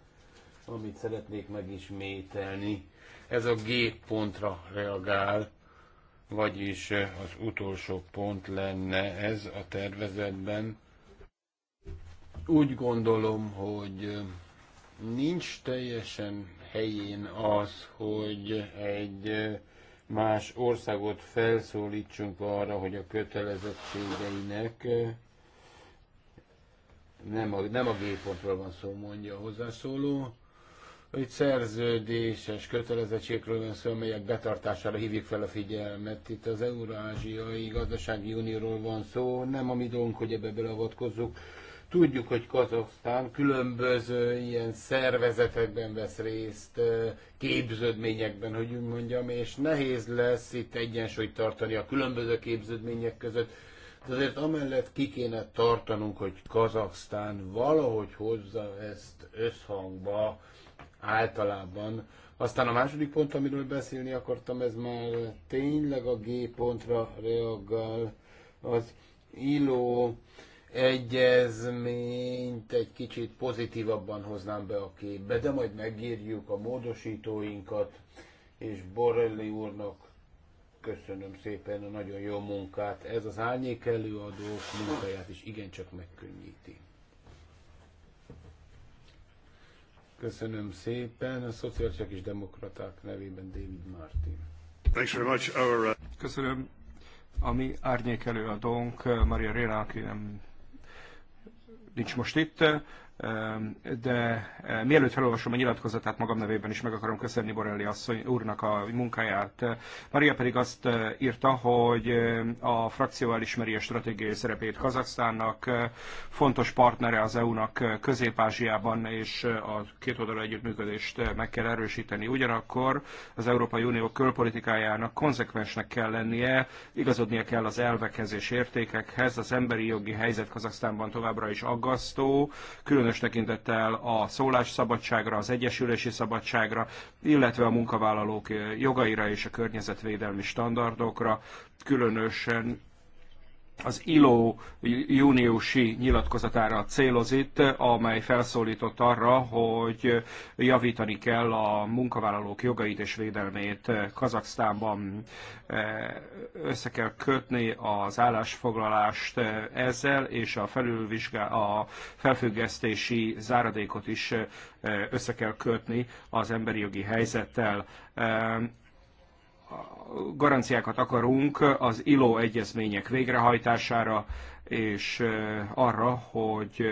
amit szeretnék megismételni. Ez a G pontra reagál, vagyis eh, az utolsó pont lenne ez a tervezetben. Úgy gondolom, hogy eh, nincs teljesen helyén az, hogy egy eh, más országot felszólítsunk arra, hogy a kötelezettségeinek nem a, nem a G pontról van szó, mondja a hozzászóló. Itt szerződéses kötelezettségről van szó, amelyek betartására hívjuk fel a figyelmet. Itt az Eurázsiai Gazdasági Unióról van szó, nem a mi dolgunk, hogy ebbe beleavatkozzuk. Tudjuk, hogy Kazasztán különböző ilyen szervezetekben vesz részt, képződményekben, hogy úgy mondjam, és nehéz lesz itt egyensúlyt tartani a különböző képződmények között de azért amellett ki kéne tartanunk, hogy Kazaksztán valahogy hozza ezt összhangba általában. Aztán a második pont, amiről beszélni akartam, ez már tényleg a G pontra reagál. Az illó egyezményt egy kicsit pozitívabban hoznám be a képbe, de majd megírjuk a módosítóinkat, és Borelli úrnak Köszönöm szépen a nagyon jó munkát. Ez az árnyék előadók munkáját is igencsak megkönnyíti. Köszönöm szépen. A szociálisek és demokraták nevében David Martin. Thanks very much. Our, uh, Köszönöm. A mi árnyék előadónk uh, Maria Réna, nem nincs most itt, de mielőtt felolvasom a nyilatkozatát, magam nevében is meg akarom köszönni Borelli asszony úrnak a munkáját. Maria pedig azt írta, hogy a frakció elismeri a stratégiai szerepét Kazaksztánnak, fontos partnere az EU-nak Közép-Ázsiában, és a két oldalú együttműködést meg kell erősíteni. Ugyanakkor az Európai Unió külpolitikájának konzekvensnek kell lennie, igazodnia kell az elvekhez és értékekhez, az emberi jogi helyzet Kazaksztánban továbbra is aggasztó, különösen különös tekintettel a szólásszabadságra, az egyesülési szabadságra, illetve a munkavállalók jogaira és a környezetvédelmi standardokra, különösen az ILO júniusi nyilatkozatára céloz itt, amely felszólított arra, hogy javítani kell a munkavállalók jogait és védelmét Kazaksztánban. Össze kell kötni az állásfoglalást ezzel, és a, a felfüggesztési záradékot is össze kell kötni az emberi jogi helyzettel garanciákat akarunk az ILO egyezmények végrehajtására, és arra, hogy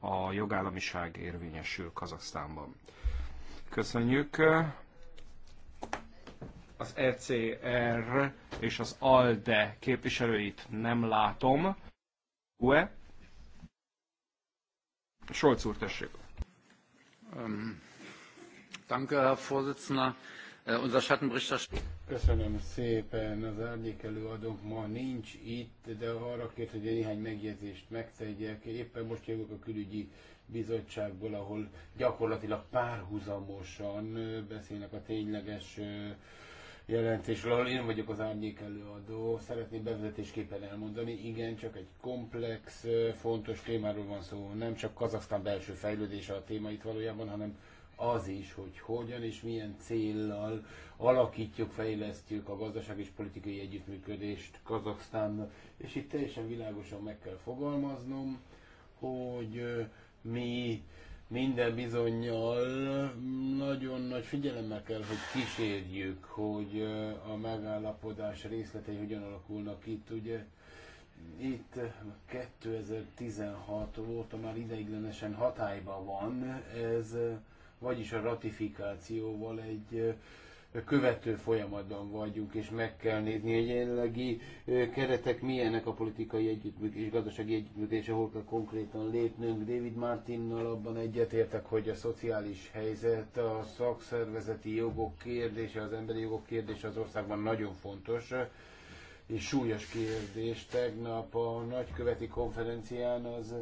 a jogállamiság érvényesül Kazasztánban. Köszönjük. Az ECR és az ALDE képviselőit nem látom. UE? Solc úr, tessék. Um, danke, Herr Vorsitzender. Uh, unser Schattenberichterstatter... Köszönöm szépen, az árnyék előadónk ma nincs itt, de arra kért, hogy néhány megjegyzést megtegyek. Éppen most jövök a külügyi bizottságból, ahol gyakorlatilag párhuzamosan beszélnek a tényleges jelentésről, ahol én vagyok az árnyék előadó. Szeretném bevezetésképpen elmondani, igen, csak egy komplex, fontos témáról van szó. Nem csak Kazaksztán belső fejlődése a téma itt valójában, hanem az is, hogy hogyan és milyen céllal alakítjuk, fejlesztjük a gazdaság és politikai együttműködést Kazaksztánnak. És itt teljesen világosan meg kell fogalmaznom, hogy mi minden bizonyal nagyon nagy figyelemmel kell, hogy kísérjük, hogy a megállapodás részletei hogyan alakulnak itt. Ugye itt 2016 óta már ideiglenesen hatályban van ez vagyis a ratifikációval egy követő folyamatban vagyunk, és meg kell nézni, hogy jelenlegi keretek milyenek a politikai együttműködés, gazdasági együttműködés, ahol kell konkrétan lépnünk. David Martinnal abban egyetértek, hogy a szociális helyzet, a szakszervezeti jogok kérdése, az emberi jogok kérdése az országban nagyon fontos és súlyos kérdés. Tegnap a nagyköveti konferencián az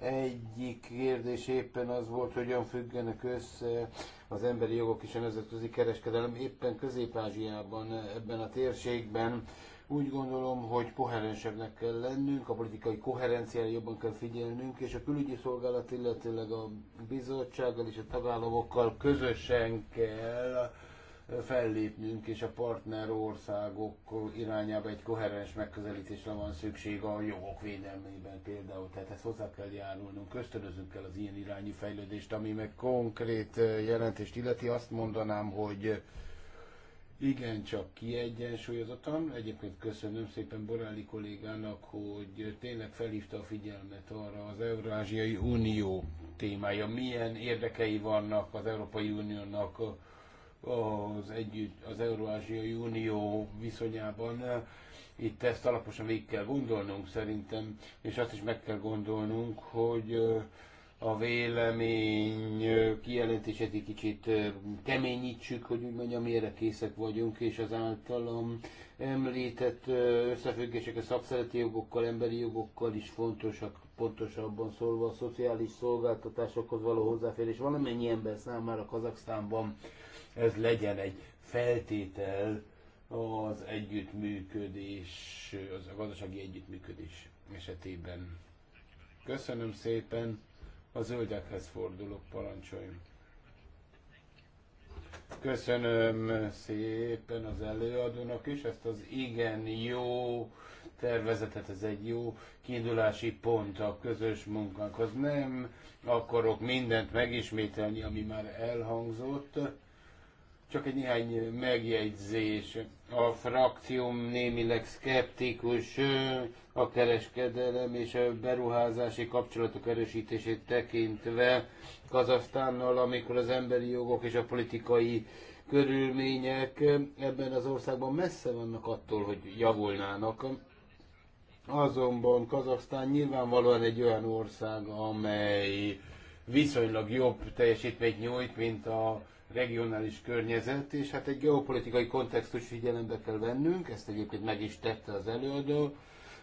egyik kérdés éppen az volt, hogyan függenek össze az emberi jogok és a nemzetközi kereskedelem éppen Közép-Ázsiában, ebben a térségben. Úgy gondolom, hogy koherensebbnek kell lennünk, a politikai koherenciára jobban kell figyelnünk, és a külügyi szolgálat, illetőleg a bizottsággal és a tagállamokkal közösen kell fellépnünk, és a partner országok irányába egy koherens megközelítésre van szükség a jogok védelmében például. Tehát ezt hozzá kell járulnunk, ösztönözünk kell az ilyen irányú fejlődést, ami meg konkrét eh, jelentést illeti. Azt mondanám, hogy igen, csak kiegyensúlyozottan. Egyébként köszönöm szépen Boráli kollégának, hogy tényleg felhívta a figyelmet arra az Eurázsiai Unió témája. Milyen érdekei vannak az Európai Uniónak az, együtt, az Euróázsiai Unió viszonyában. Eh, itt ezt alaposan végig kell gondolnunk szerintem, és azt is meg kell gondolnunk, hogy eh, a vélemény eh, kijelentését egy kicsit keményítsük, hogy úgy mondjam, mire készek vagyunk, és az általam említett összefüggések a szakszereti jogokkal, emberi jogokkal is fontosak, pontosabban szólva a szociális szolgáltatásokhoz való hozzáférés valamennyi ember számára Kazaksztánban ez legyen egy feltétel az együttműködés, az a gazdasági együttműködés esetében. Köszönöm szépen, a zöldekhez fordulok, parancsoljunk. Köszönöm szépen az előadónak is ezt az igen jó tervezetet, ez egy jó kiindulási pont a közös munkánkhoz. Nem akarok mindent megismételni, ami már elhangzott. Csak egy néhány megjegyzés. A frakcióm némileg szkeptikus a kereskedelem és a beruházási kapcsolatok erősítését tekintve Kazasztánnal, amikor az emberi jogok és a politikai körülmények ebben az országban messze vannak attól, hogy javulnának. Azonban Kazasztán nyilvánvalóan egy olyan ország, amely viszonylag jobb teljesítményt nyújt, mint a regionális környezet, és hát egy geopolitikai kontextus figyelembe kell vennünk, ezt egyébként meg is tette az előadó.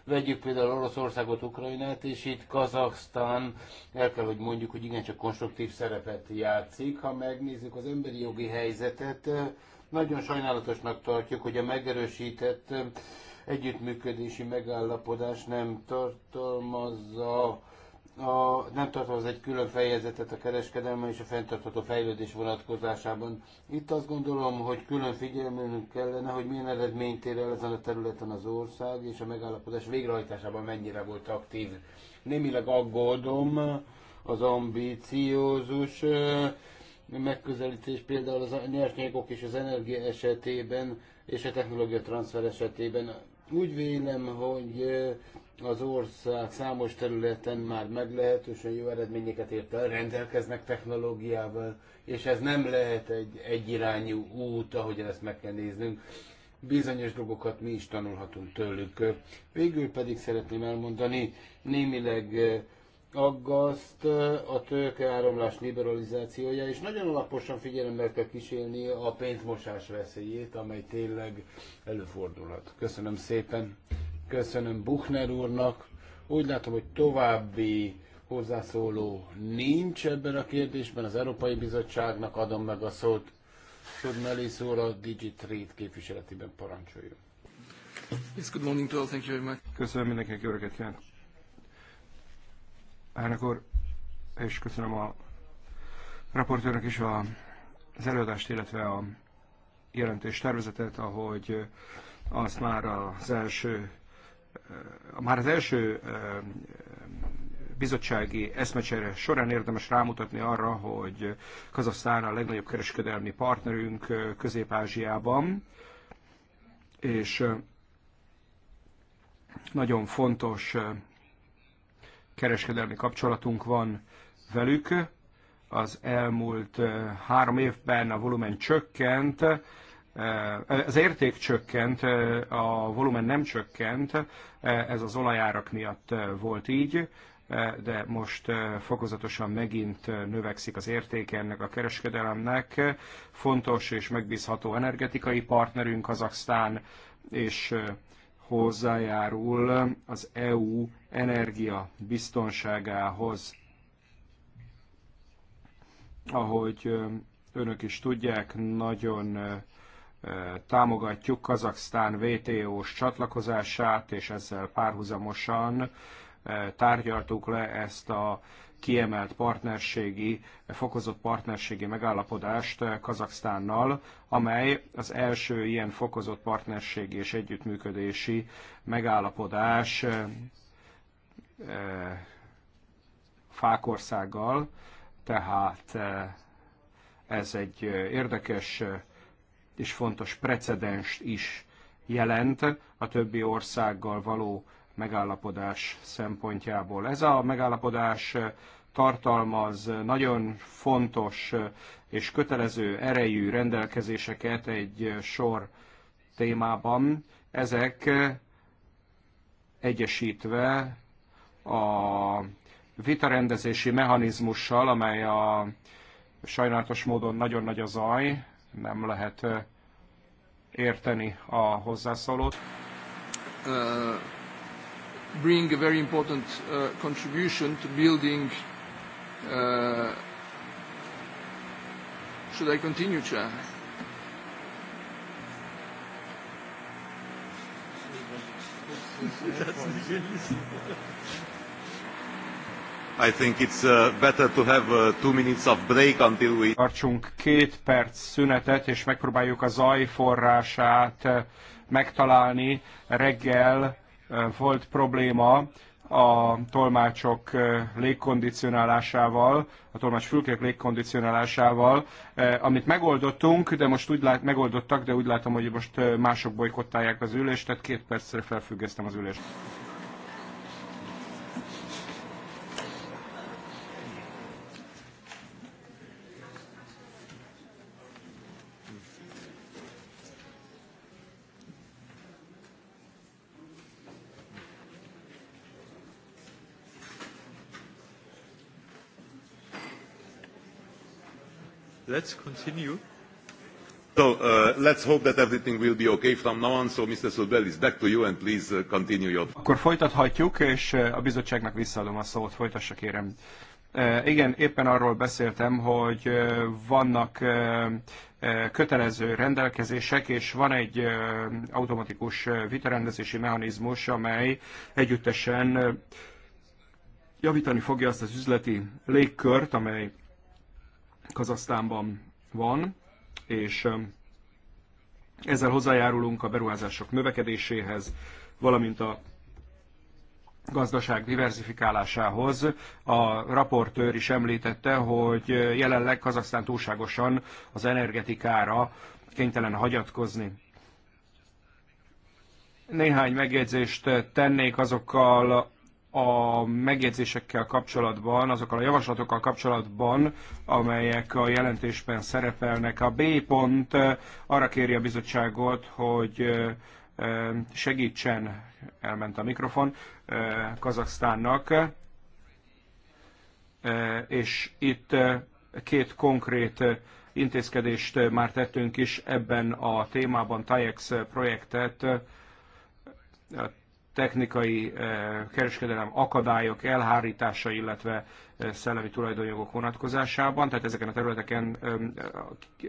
Vegyük például Oroszországot, Ukrajnát, és itt Kazaksztán, el kell, hogy mondjuk, hogy igencsak konstruktív szerepet játszik. Ha megnézzük az emberi jogi helyzetet, nagyon sajnálatosnak tartjuk, hogy a megerősített együttműködési megállapodás nem tartalmazza a, nem tartalmaz egy külön fejezetet a kereskedelme és a fenntartható fejlődés vonatkozásában. Itt azt gondolom, hogy külön figyelmünk kellene, hogy milyen eredményt ér el ezen a területen az ország, és a megállapodás végrehajtásában mennyire volt aktív. Némileg aggódom az ambíciózus megközelítés például az nyersanyagok és az energia esetében, és a technológia transfer esetében. Úgy vélem, hogy az ország számos területen már meglehetősen jó eredményeket ért el, rendelkeznek technológiával, és ez nem lehet egy egyirányú út, ahogy ezt meg kell néznünk. Bizonyos dolgokat mi is tanulhatunk tőlük. Végül pedig szeretném elmondani, némileg eh, aggaszt eh, a áramlás liberalizációja, és nagyon alaposan figyelembe kell kísérni a pénzmosás veszélyét, amely tényleg előfordulhat. Köszönöm szépen! Köszönöm Buchner úrnak. Úgy látom, hogy további hozzászóló nincs ebben a kérdésben. Az Európai Bizottságnak adom meg a szót. Tudnali szóra a Digitrade képviseletében parancsoljon. Yes, good morning to all. Thank you very much. Köszönöm mindenkinek, jó reggelt kívánok. Elnök úr, és köszönöm a raportőrnek is a, az előadást, illetve a jelentés tervezetet, ahogy azt már az első már az első bizottsági eszmecsere során érdemes rámutatni arra, hogy Kazasztán a legnagyobb kereskedelmi partnerünk Közép-Ázsiában, és nagyon fontos kereskedelmi kapcsolatunk van velük. Az elmúlt három évben a volumen csökkent, az érték csökkent, a volumen nem csökkent, ez az olajárak miatt volt így, de most fokozatosan megint növekszik az értéke ennek a kereskedelemnek. Fontos és megbízható energetikai partnerünk Kazaksztán, és hozzájárul az EU energia biztonságához. Ahogy önök is tudják, nagyon támogatjuk Kazaksztán WTO-s csatlakozását, és ezzel párhuzamosan tárgyaltuk le ezt a kiemelt partnerségi, fokozott partnerségi megállapodást Kazaksztánnal, amely az első ilyen fokozott partnerségi és együttműködési megállapodás Fákországgal, tehát ez egy érdekes és fontos precedenst is jelent a többi országgal való megállapodás szempontjából. Ez a megállapodás tartalmaz nagyon fontos és kötelező erejű rendelkezéseket egy sor témában. Ezek egyesítve a vitarendezési mechanizmussal, amely a sajnálatos módon nagyon nagy a zaj nem lehet érteni a hozzászólót. Uh, bring a very important uh, contribution to building uh, Should I continue, Chair? That's I think it's uh, better to have uh, two minutes of break until we... Tartsunk két perc szünetet, és megpróbáljuk a zaj forrását uh, megtalálni. Reggel volt probléma a tolmácsok légkondicionálásával, a tolmács fülkék légkondicionálásával, amit megoldottunk, de most úgy lát, megoldottak, de úgy látom, hogy most mások bolykottálják az ülést, tehát két percre felfüggesztem az ülést. let's continue. So uh, let's hope that everything will be okay from now on. So Mr. is back to you and please uh, continue your... Akkor folytathatjuk, és uh, a bizottságnak visszaadom a szót. Folytassa kérem. Uh, igen, éppen arról beszéltem, hogy vannak kötelező rendelkezések, és van egy automatikus vitarendezési mechanizmus, amely együttesen javítani fogja azt az üzleti légkört, amely Kazasztánban van, és ezzel hozzájárulunk a beruházások növekedéséhez, valamint a gazdaság diversifikálásához. A raportőr is említette, hogy jelenleg Kazasztán túlságosan az energetikára kénytelen hagyatkozni. Néhány megjegyzést tennék azokkal a megjegyzésekkel kapcsolatban, azokkal a javaslatokkal kapcsolatban, amelyek a jelentésben szerepelnek. A B pont eh, arra kéri a bizottságot, hogy eh, eh, segítsen, elment a mikrofon, Kazaksztánnak, és itt két konkrét intézkedést már tettünk is ebben a témában, TAIEX projektet, technikai eh, kereskedelem akadályok elhárítása, illetve eh, szellemi tulajdonjogok vonatkozásában. Tehát ezeken a területeken eh,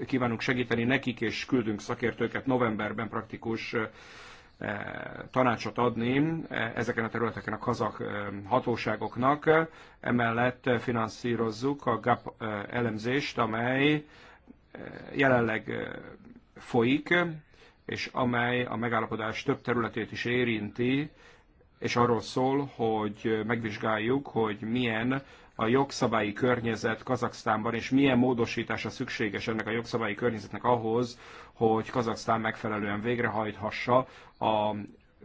kívánunk segíteni nekik, és küldünk szakértőket novemberben praktikus tanácsot adni ezeken a területeken a kazak hatóságoknak. Emellett finanszírozzuk a GAP elemzést, amely jelenleg folyik, és amely a megállapodás több területét is érinti, és arról szól, hogy megvizsgáljuk, hogy milyen a jogszabályi környezet Kazaksztánban, és milyen módosítása szükséges ennek a jogszabályi környezetnek ahhoz, hogy Kazaksztán megfelelően végrehajthassa a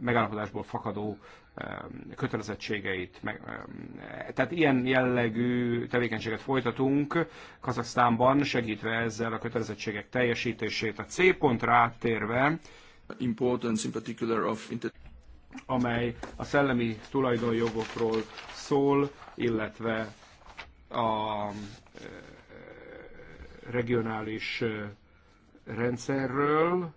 megállapodásból fakadó Um, kötelezettségeit. Um, tehát ilyen jellegű tevékenységet folytatunk Kazaksztánban, segítve ezzel a kötelezettségek teljesítését. A C pontra áttérve, importance in particular of amely a szellemi tulajdonjogokról szól, illetve a um, uh, regionális uh, rendszerről.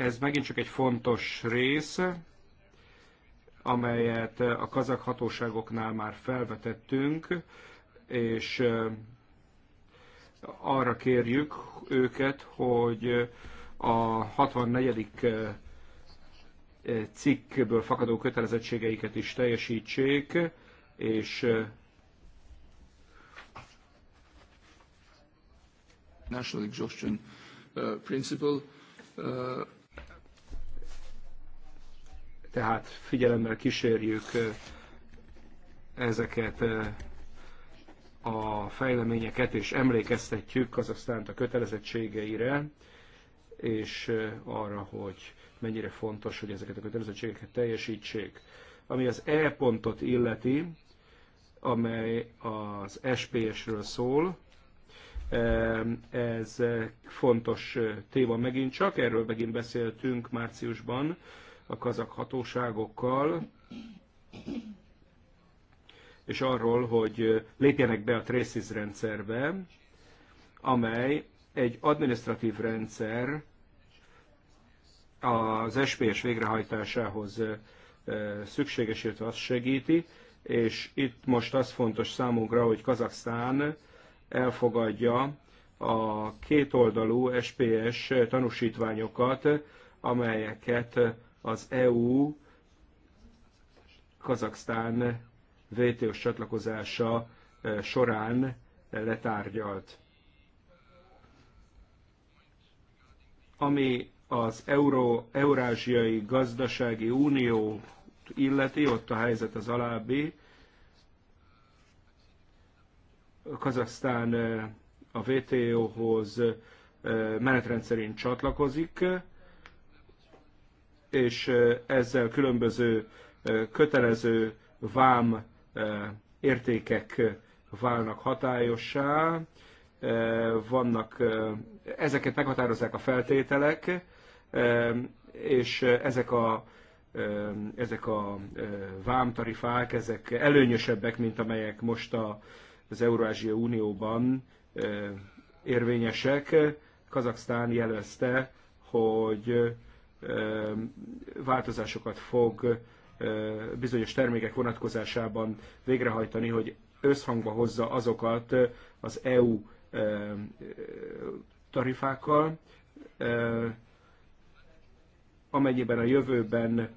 Ez megint csak egy fontos rész, amelyet a kazak hatóságoknál már felvetettünk, és arra kérjük őket, hogy a 64. cikkből fakadó kötelezettségeiket is teljesítsék, és National Exhaustion uh, Principle uh, tehát figyelemmel kísérjük ezeket a fejleményeket, és emlékeztetjük Kazasztánt a kötelezettségeire, és arra, hogy mennyire fontos, hogy ezeket a kötelezettségeket teljesítsék. Ami az E pontot illeti, amely az SPS-ről szól, ez fontos téma megint csak, erről megint beszéltünk márciusban, a kazak hatóságokkal, és arról, hogy lépjenek be a Traces rendszerbe, amely egy administratív rendszer az SPS végrehajtásához szükséges, illetve azt segíti, és itt most az fontos számunkra, hogy Kazaksztán elfogadja a kétoldalú SPS tanúsítványokat, amelyeket az EU Kazaksztán VTO-s csatlakozása e, során e, letárgyalt. Ami az Euró, Eurázsiai Gazdasági Unió illeti, ott a helyzet az alábbi. Kazaksztán e, a vto hoz menetrendszerint csatlakozik, és ezzel különböző kötelező vám értékek válnak hatályossá, vannak, ezeket meghatározzák a feltételek, és ezek a, ezek a vámtarifák, ezek előnyösebbek, mint amelyek most a, az Eurázsia Unióban érvényesek. Kazaksztán jelezte, hogy változásokat fog bizonyos termékek vonatkozásában végrehajtani, hogy összhangba hozza azokat az EU tarifákkal, amennyiben a jövőben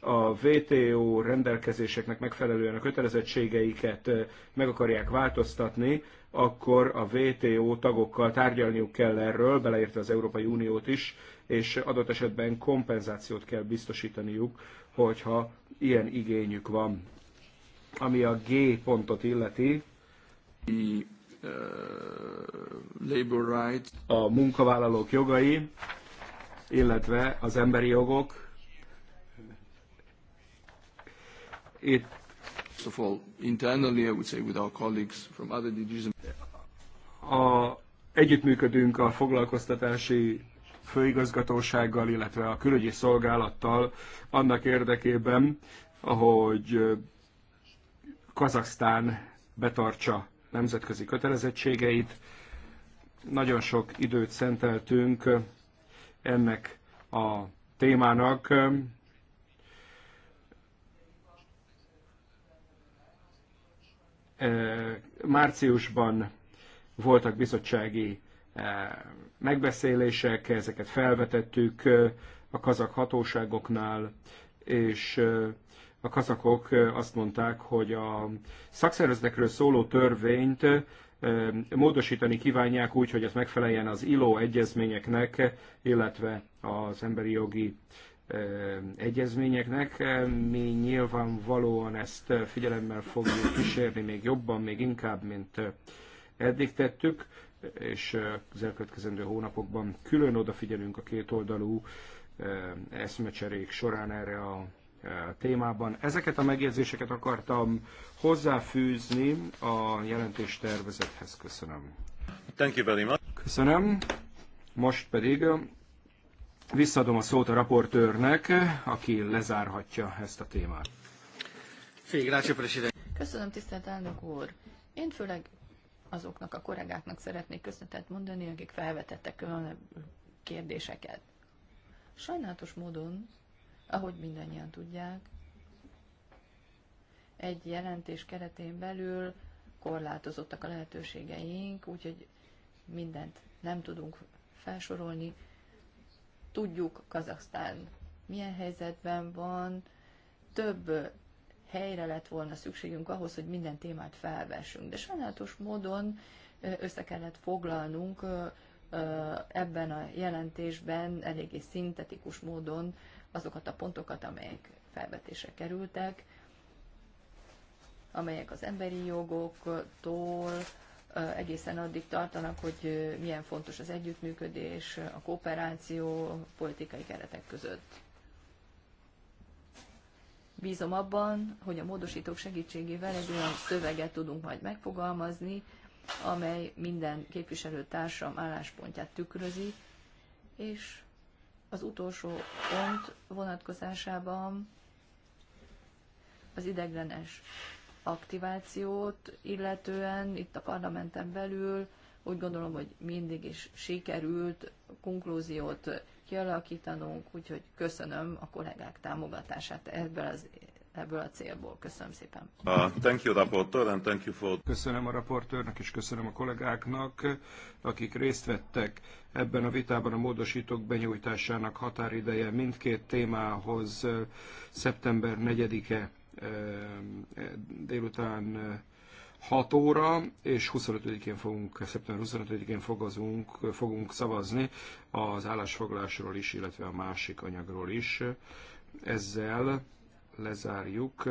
a VTO rendelkezéseknek megfelelően a kötelezettségeiket meg akarják változtatni, akkor a VTO tagokkal tárgyalniuk kell erről, beleértve az Európai Uniót is, és adott esetben kompenzációt kell biztosítaniuk, hogyha ilyen igényük van. Ami a G pontot illeti, The, uh, labor right. a munkavállalók jogai, illetve az emberi jogok. Itt so for internally, I would say with our colleagues from other divisions. A, együttműködünk a foglalkoztatási főigazgatósággal, illetve a külügyi szolgálattal annak érdekében, hogy Kazaksztán betartsa nemzetközi kötelezettségeit. Nagyon sok időt szenteltünk ennek a témának. Márciusban voltak bizottsági Eh, megbeszélések, ezeket felvetettük eh, a kazak hatóságoknál, és eh, a kazakok azt mondták, hogy a szakszervezetekről szóló törvényt módosítani kívánják úgy, hogy ez megfeleljen az ILO egyezményeknek, illetve az emberi jogi egyezményeknek. Mi nyilvánvalóan ezt figyelemmel fogjuk kísérni még jobban, még inkább, mint eddig tettük és az elkövetkezendő hónapokban külön odafigyelünk a kétoldalú eszmecserék során erre a témában. Ezeket a megjegyzéseket akartam hozzáfűzni a jelentés tervezethez. Köszönöm. Thank you very much. Köszönöm. Most pedig visszadom a szót a raportőrnek, aki lezárhatja ezt a témát. Köszönöm, tisztelt elnök úr. Én főleg azoknak a kollégáknak szeretnék köszönetet mondani, akik felvetettek olyan kérdéseket. Sajnálatos módon, ahogy mindannyian tudják, egy jelentés keretén belül korlátozottak a lehetőségeink, úgyhogy mindent nem tudunk felsorolni. Tudjuk, Kazaksztán milyen helyzetben van, több helyre lett volna szükségünk ahhoz, hogy minden témát felvessünk. De sajnálatos módon össze kellett foglalnunk ebben a jelentésben eléggé szintetikus módon azokat a pontokat, amelyek felvetésre kerültek, amelyek az emberi jogoktól egészen addig tartanak, hogy milyen fontos az együttműködés, a kooperáció politikai keretek között. Bízom abban, hogy a módosítók segítségével egy olyan szöveget tudunk majd megfogalmazni, amely minden képviselőtársam álláspontját tükrözi, és az utolsó pont vonatkozásában az ideglenes aktivációt illetően itt a parlamenten belül úgy gondolom, hogy mindig is sikerült konklúziót kialakítanunk, úgyhogy köszönöm a kollégák támogatását ebből az ebből a célból. Köszönöm szépen. Uh, thank you, rapporteur, and thank you for... Köszönöm a raportőrnek, és köszönöm a kollégáknak, akik részt vettek ebben a vitában a módosítók benyújtásának határideje mindkét témához szeptember 4-e délután 6 óra, és 25-én fogunk, szeptember 25-én fogazunk, fogunk szavazni az állásfoglalásról is, illetve a másik anyagról is. Ezzel lezárjuk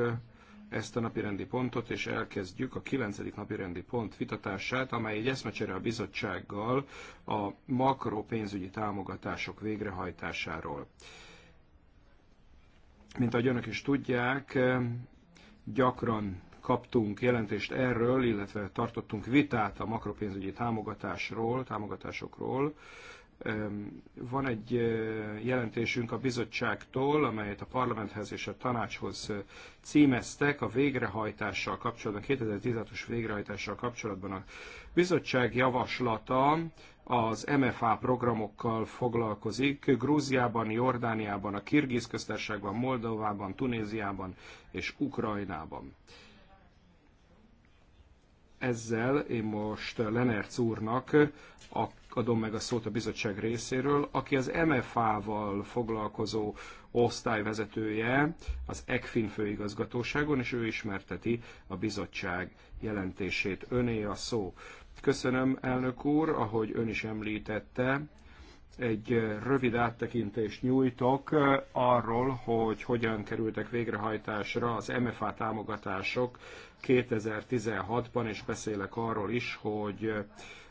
ezt a napirendi pontot, és elkezdjük a 9. napirendi pont vitatását, amely egy eszmecsere a bizottsággal a pénzügyi támogatások végrehajtásáról. Mint ahogy önök is tudják, gyakran kaptunk jelentést erről, illetve tartottunk vitát a makropénzügyi támogatásról, támogatásokról. Van egy jelentésünk a bizottságtól, amelyet a parlamenthez és a tanácshoz címeztek a végrehajtással kapcsolatban, 2016-os végrehajtással kapcsolatban. A bizottság javaslata az MFA programokkal foglalkozik. Grúziában, Jordániában, a Kirgiz köztársaságban, Moldovában, Tunéziában és Ukrajnában ezzel én most Lenertz úrnak adom meg a szót a bizottság részéről, aki az MFA-val foglalkozó osztályvezetője az ECFIN főigazgatóságon, és ő ismerteti a bizottság jelentését. Öné a szó. Köszönöm, elnök úr, ahogy ön is említette, egy rövid áttekintést nyújtok arról, hogy hogyan kerültek végrehajtásra az MFA támogatások 2016-ban, és beszélek arról is, hogy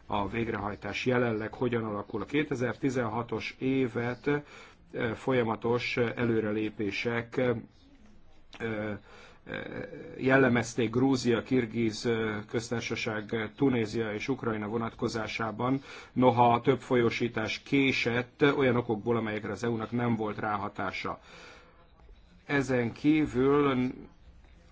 a végrehajtás jelenleg hogyan alakul. A 2016-os évet folyamatos előrelépések jellemezték Grúzia, Kirgiz köztársaság, Tunézia és Ukrajna vonatkozásában, noha a több folyosítás késett olyan okokból, amelyekre az EU-nak nem volt ráhatása. Ezen kívül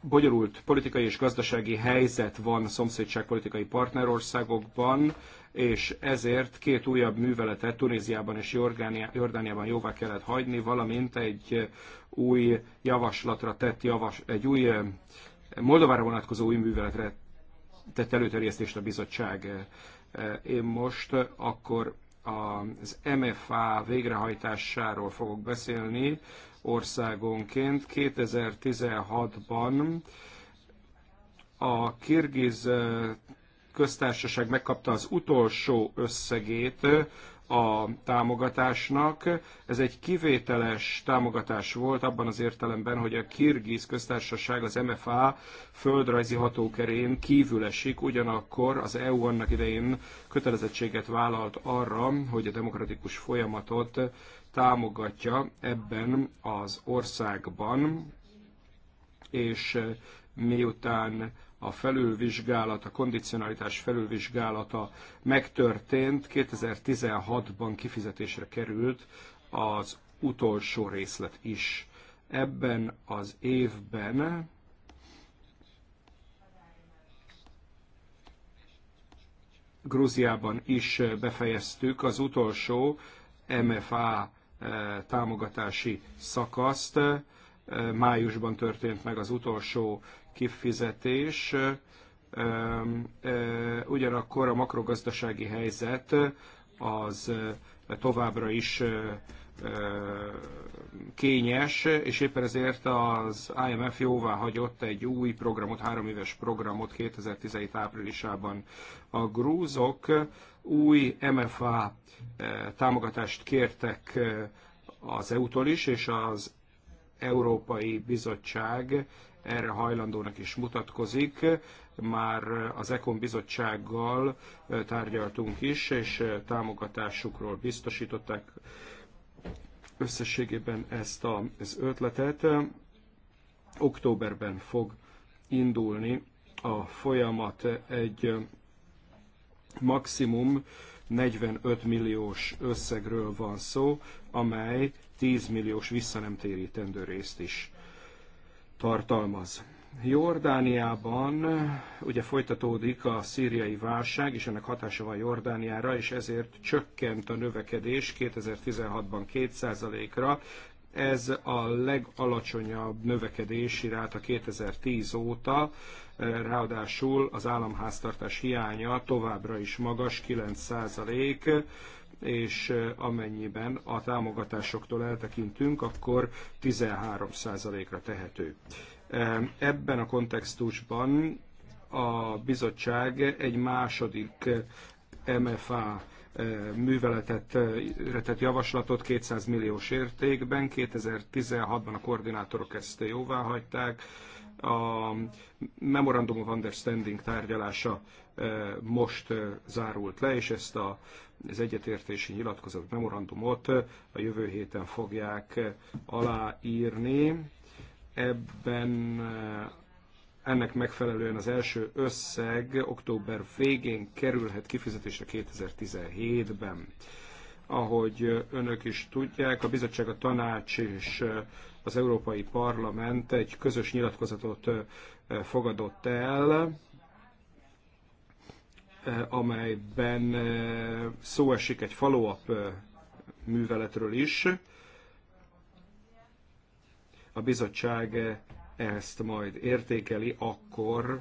bonyolult politikai és gazdasági helyzet van szomszédságpolitikai partnerországokban, és ezért két újabb műveletet Tunéziában és Jordániában jóvá kellett hagyni, valamint egy új javaslatra tett javas, egy új Moldovára vonatkozó új műveletre tett előterjesztést a bizottság. Én most akkor az MFA végrehajtásáról fogok beszélni, országonként. 2016-ban a Kirgiz köztársaság megkapta az utolsó összegét a támogatásnak. Ez egy kivételes támogatás volt abban az értelemben, hogy a Kirgiz köztársaság, az MFA földrajzi hatókerén kívül esik, ugyanakkor az EU annak idején kötelezettséget vállalt arra, hogy a demokratikus folyamatot támogatja ebben az országban, és miután a felülvizsgálata, kondicionalitás felülvizsgálata megtörtént, 2016-ban kifizetésre került az utolsó részlet is. Ebben az évben Grúziában is befejeztük az utolsó MFA eh, támogatási szakaszt. Eh, májusban történt meg az utolsó kifizetés, ugyanakkor a makrogazdasági helyzet az továbbra is kényes, és éppen ezért az IMF jóvá hagyott egy új programot, három éves programot 2017 áprilisában. A grúzok új MFA támogatást kértek az EU-tól is, és az Európai Bizottság erre hajlandónak is mutatkozik. Már az Ekon bizottsággal tárgyaltunk is, és támogatásukról biztosították összességében ezt az ötletet. Októberben fog indulni a folyamat egy maximum 45 milliós összegről van szó, amely 10 milliós visszanemtérítendő részt is tartalmaz. Jordániában eh, ugye folytatódik a szíriai válság, és ennek hatása van Jordániára, és ezért csökkent a növekedés 2016-ban 2%-ra. Ez a legalacsonyabb növekedési ráta 2010 óta, eh, ráadásul az államháztartás hiánya továbbra is magas, 9 százalék, és amennyiben a támogatásoktól eltekintünk, akkor 13%-ra tehető. Ebben a kontextusban a bizottság egy második MFA műveletet, javaslatot 200 milliós értékben. 2016-ban a koordinátorok ezt jóvá hagyták. A Memorandum of Understanding tárgyalása most zárult le, és ezt a az egyetértési nyilatkozat memorandumot a jövő héten fogják aláírni. Ebben ennek megfelelően az első összeg október végén kerülhet kifizetésre 2017-ben. Ahogy önök is tudják, a bizottság, a tanács és az Európai Parlament egy közös nyilatkozatot fogadott el, Eh, amelyben eh, szó esik egy follow-up eh, műveletről is. A bizottság ezt majd értékeli akkor,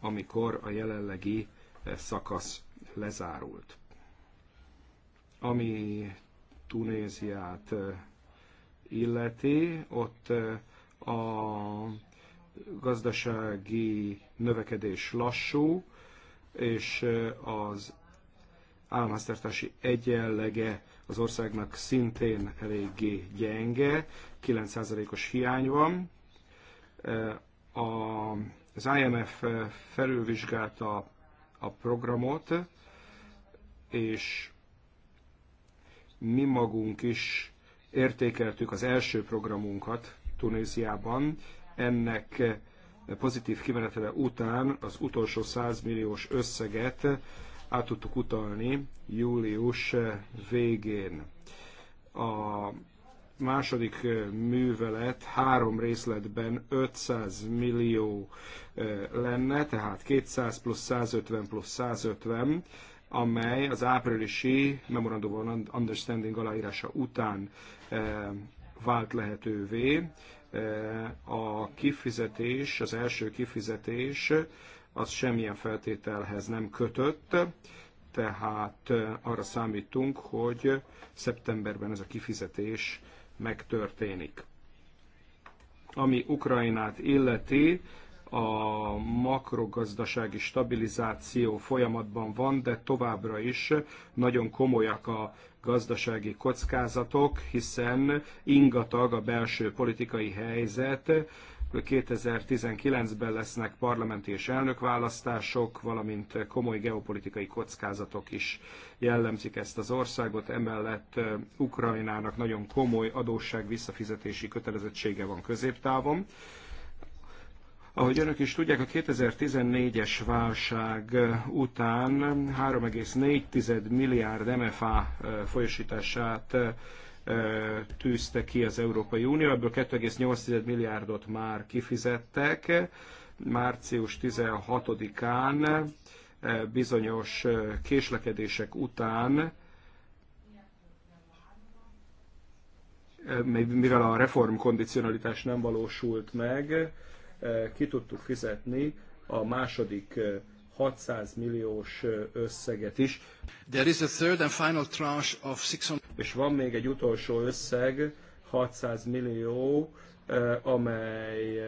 amikor a jelenlegi szakasz lezárult. Ami Tunéziát illeti, ott a gazdasági növekedés lassú, és az államháztartási egyenlege az országnak szintén eléggé gyenge, 9%-os hiány van. Az IMF felülvizsgálta a programot, és mi magunk is értékeltük az első programunkat Tunéziában. Ennek pozitív kimenetele után az utolsó 100 milliós összeget át tudtuk utalni július végén. A második művelet három részletben 500 millió lenne, tehát 200 plusz 150 plusz 150, amely az áprilisi Memorandum of Understanding aláírása után vált lehetővé a kifizetés, az első kifizetés az semmilyen feltételhez nem kötött, tehát arra számítunk, hogy szeptemberben ez a kifizetés megtörténik. Ami Ukrajnát illeti, a makrogazdasági stabilizáció folyamatban van, de továbbra is nagyon komolyak a gazdasági kockázatok, hiszen ingatag a belső politikai helyzet, 2019-ben lesznek parlamenti és elnökválasztások, valamint komoly geopolitikai kockázatok is jellemzik ezt az országot. Emellett Ukrajnának nagyon komoly adósság visszafizetési kötelezettsége van középtávon. Ahogy önök is tudják, a 2014-es válság után 3,4 milliárd MFA folyosítását tűzte ki az Európai Unió, ebből 2,8 milliárdot már kifizettek. Március 16-án bizonyos késlekedések után mivel a reformkondicionalitás nem valósult meg, ki tudtuk fizetni a második 600 milliós összeget is. There is a third and final tranche of 600... És van még egy utolsó összeg, 600 millió, amely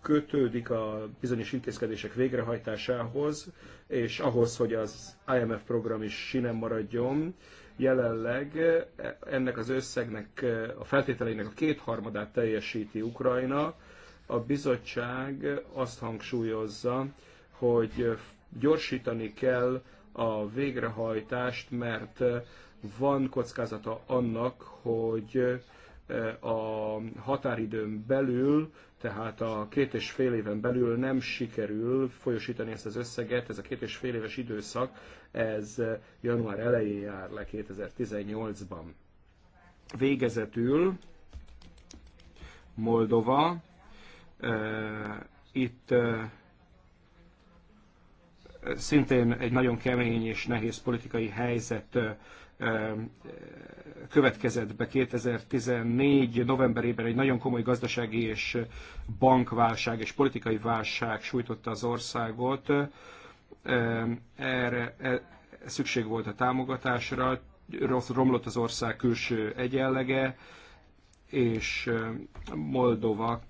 kötődik a bizonyos intézkedések végrehajtásához, és ahhoz, hogy az IMF program is sinem maradjon. Jelenleg eh, ennek az összegnek, eh, a feltételeinek a kétharmadát teljesíti Ukrajna. A bizottság azt hangsúlyozza, hogy gyorsítani kell a végrehajtást, mert eh, van kockázata annak, hogy a határidőn belül tehát a két és fél éven belül nem sikerül folyosítani ezt az összeget, ez a két és fél éves időszak, ez január elején jár le 2018-ban. Végezetül Moldova, eh, itt eh, szintén egy nagyon kemény és nehéz politikai helyzet eh, Eh, következett be 2014. novemberében egy nagyon komoly gazdasági és bankválság és politikai válság sújtotta az országot. Erre e, szükség volt a támogatásra, romlott az ország külső egyenlege, és Moldova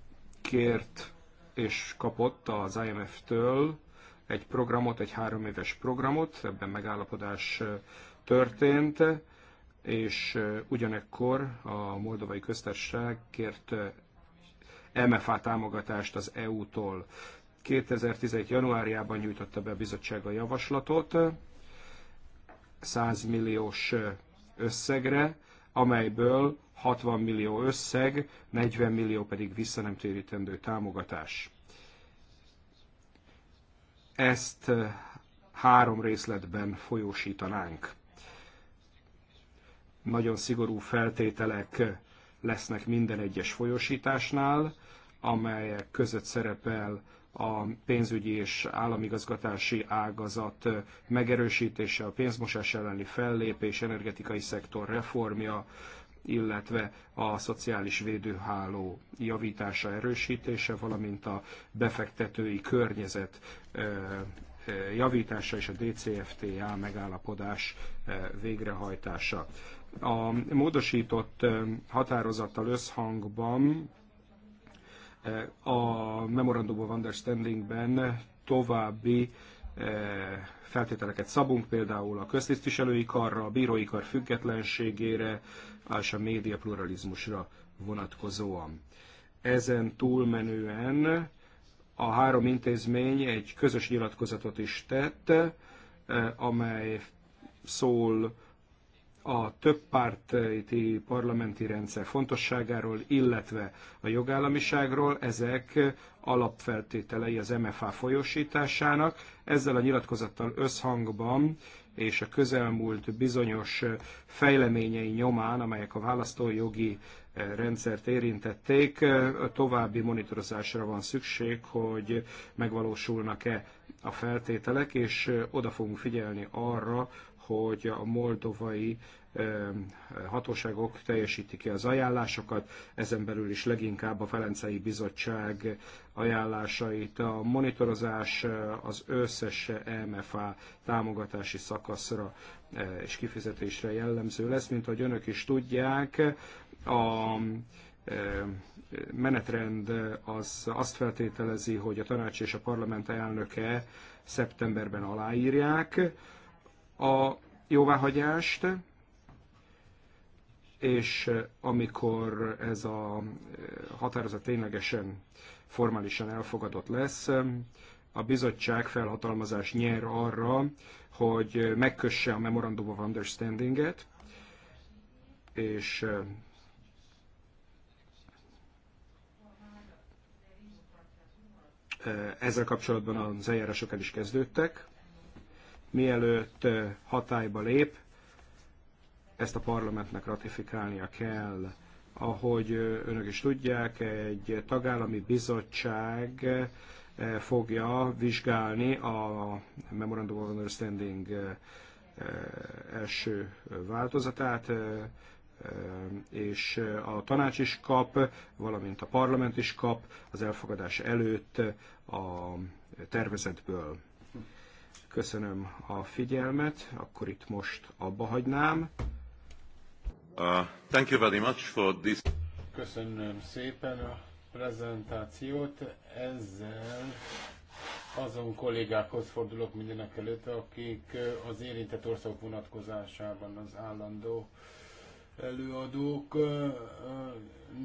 kért és kapott az IMF-től egy programot, egy három éves programot, ebben megállapodás történt, és ugyanekkor a Moldovai Köztársaság kért MFA támogatást az EU-tól. 2017. januárjában nyújtotta be a bizottság a javaslatot 100 milliós összegre, amelyből 60 millió összeg, 40 millió pedig visszanemtérítendő támogatás. Ezt három részletben folyósítanánk nagyon szigorú feltételek lesznek minden egyes folyosításnál, amelyek között szerepel a pénzügyi és államigazgatási ágazat megerősítése, a pénzmosás elleni fellépés, energetikai szektor reformja, illetve a szociális védőháló javítása, erősítése, valamint a befektetői környezet javítása és a DCFTA megállapodás végrehajtása. A módosított határozattal összhangban a Memorandum of Understandingben további feltételeket szabunk, például a köztisztviselői karra, a bírói kar függetlenségére és a média pluralizmusra vonatkozóan. Ezen túlmenően a három intézmény egy közös nyilatkozatot is tett, amely szól a több párti parlamenti rendszer fontosságáról, illetve a jogállamiságról, ezek alapfeltételei az MFA folyósításának. Ezzel a nyilatkozattal összhangban és a közelmúlt bizonyos fejleményei nyomán, amelyek a választójogi eh, rendszert érintették, eh, további monitorozásra van szükség, hogy megvalósulnak-e a feltételek, és eh, oda fogunk figyelni arra, hogy a moldovai hatóságok teljesítik ki az ajánlásokat, ezen belül is leginkább a Ferencei Bizottság ajánlásait. A monitorozás az összes e MFA támogatási szakaszra és kifizetésre jellemző lesz, mint ahogy önök is tudják. A menetrend az azt feltételezi, hogy a tanács és a parlament elnöke szeptemberben aláírják, a jóváhagyást, és amikor ez a határozat ténylegesen formálisan elfogadott lesz, a bizottság felhatalmazás nyer arra, hogy megkösse a Memorandum of Understanding-et, és ezzel kapcsolatban az eljárásokat is kezdődtek mielőtt hatályba lép, ezt a parlamentnek ratifikálnia kell. Ahogy önök is tudják, egy tagállami bizottság fogja vizsgálni a Memorandum of Understanding első változatát, és a tanács is kap, valamint a parlament is kap az elfogadás előtt a tervezetből. Köszönöm a figyelmet, akkor itt most abba hagynám. Uh, thank you very much for this. Köszönöm szépen a prezentációt. Ezzel azon kollégákhoz fordulok mindenek előtt, akik uh, az érintett országok vonatkozásában az állandó előadók,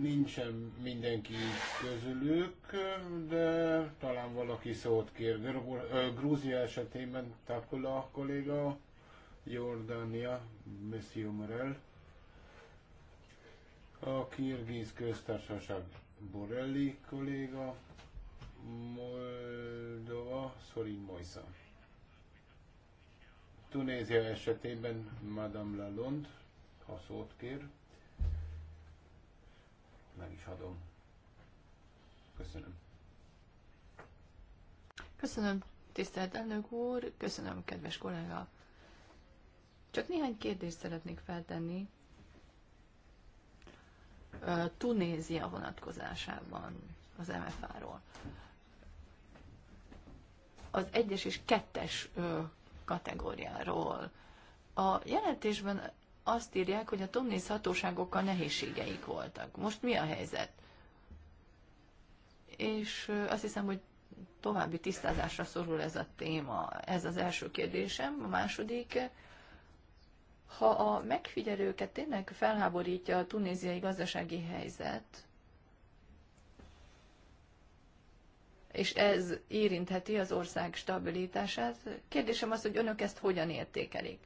nincsen mindenki közülük, de talán valaki szót kér. Grúzia esetében Takula kolléga, Jordánia, Messiu Morel, a Kirgiz köztársaság Borelli kolléga, Moldova, Szorin Mojsa. Tunézia esetében Madame Lalonde, ha szót kér. Meg is adom. Köszönöm. Köszönöm, tisztelt elnök úr, köszönöm, kedves kollega. Csak néhány kérdést szeretnék feltenni Tunézia vonatkozásában az MFA-ról. Az egyes és kettes kategóriáról. A jelentésben azt írják, hogy a Tomnész hatóságokkal nehézségeik voltak. Most mi a helyzet? És azt hiszem, hogy további tisztázásra szorul ez a téma. Ez az első kérdésem. A második, ha a megfigyelőket tényleg felháborítja a tunéziai gazdasági helyzet, és ez érintheti az ország stabilitását, kérdésem az, hogy önök ezt hogyan értékelik?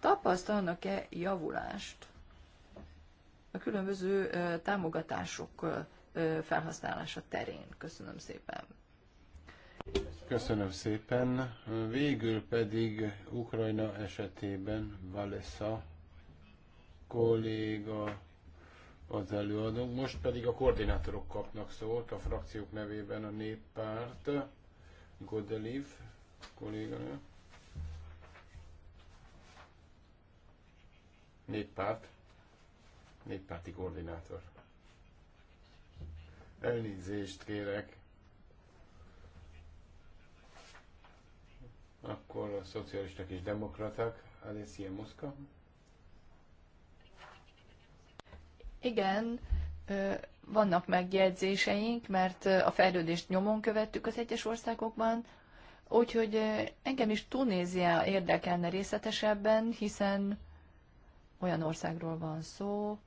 tapasztalnak-e javulást a különböző támogatások felhasználása terén? Köszönöm szépen. Köszönöm szépen. Végül pedig Ukrajna esetében Valesza kolléga az előadó. Most pedig a koordinátorok kapnak szót, a frakciók nevében a néppárt, Godeliv kolléganő. néppárt, néppárti koordinátor. Elnézést kérek. Akkor a szocialisták és demokraták, Alessia Moszka. Igen, vannak megjegyzéseink, mert a fejlődést nyomon követtük az egyes országokban, úgyhogy engem is Tunézia érdekelne részletesebben, hiszen olyan országról van szó,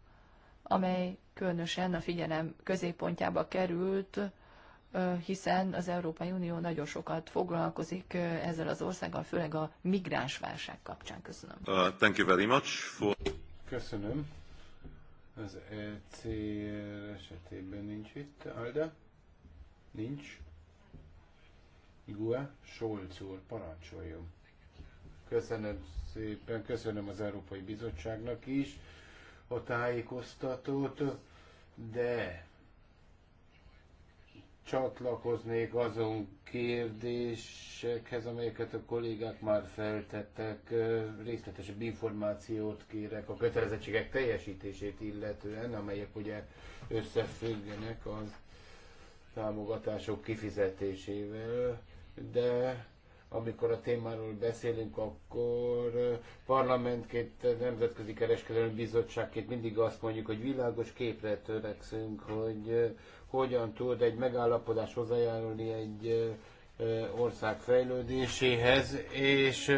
amely különösen a figyelem középpontjába került, hiszen az Európai Unió nagyon sokat foglalkozik ezzel az országgal, főleg a migránsválság kapcsán. Köszönöm. Uh, thank you very much for... Köszönöm. Az ECR esetében nincs itt. Alda? Nincs. Igua? Solc úr, parancsoljon. Köszönöm szépen, köszönöm az Európai Bizottságnak is a tájékoztatót, de csatlakoznék azon kérdésekhez, amelyeket a kollégák már feltettek. Részletesebb információt kérek a kötelezettségek teljesítését illetően, amelyek ugye összefüggenek az támogatások kifizetésével, de amikor a témáról beszélünk, akkor parlamentként, Nemzetközi Kereskedelmi Bizottságként mindig azt mondjuk, hogy világos képre törekszünk, hogy hogyan tud egy megállapodás hozzájárulni egy ország fejlődéséhez, és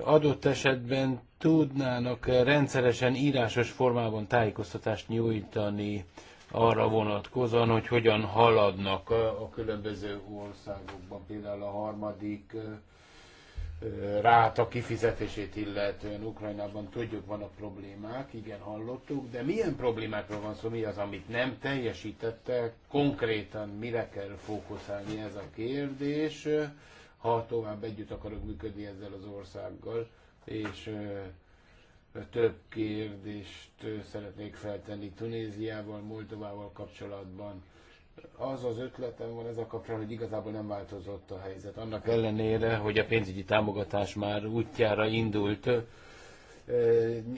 adott esetben tudnának rendszeresen írásos formában tájékoztatást nyújtani arra vonatkozóan, hogy hogyan haladnak a különböző országokban, például a harmadik ráta kifizetését illetően Ukrajnában tudjuk, van a problémák, igen, hallottuk, de milyen problémákról van szó, mi az, amit nem teljesítettek, konkrétan mire kell fókuszálni ez a kérdés, ha tovább együtt akarok működni ezzel az országgal, és több kérdést szeretnék feltenni Tunéziával, Moldovával kapcsolatban. Az az ötletem van ez a kapcsolatban, hogy igazából nem változott a helyzet. Annak ellenére, hogy a pénzügyi támogatás már útjára indult,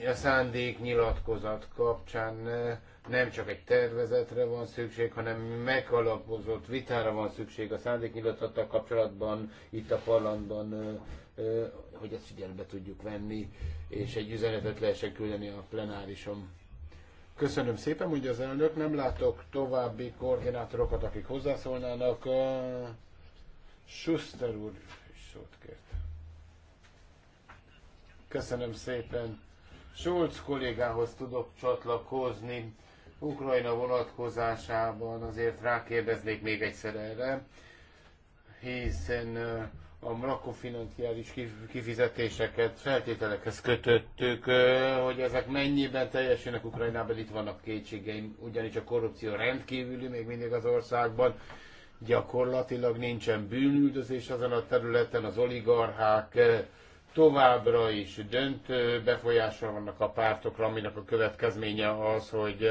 a szándék nyilatkozat kapcsán nem csak egy tervezetre van szükség, hanem megalapozott vitára van szükség a szándéknyilatkozattal kapcsolatban itt a parlamentben hogy ezt figyelembe tudjuk venni, és egy üzenetet lehessen küldeni a plenárison. Köszönöm szépen, hogy az elnök. Nem látok további koordinátorokat, akik hozzászólnának. Schuster úr is szót kért. Köszönöm szépen. Schulz kollégához tudok csatlakozni. Ukrajna vonatkozásában azért rákérdeznék még egyszer erre, hiszen a makrofinanciális kifizetéseket feltételekhez kötöttük, hogy ezek mennyiben teljesülnek Ukrajnában, itt vannak kétségeim, ugyanis a korrupció rendkívüli még mindig az országban, gyakorlatilag nincsen bűnüldözés azon a területen, az oligarchák továbbra is döntő befolyással vannak a pártokra, aminek a következménye az, hogy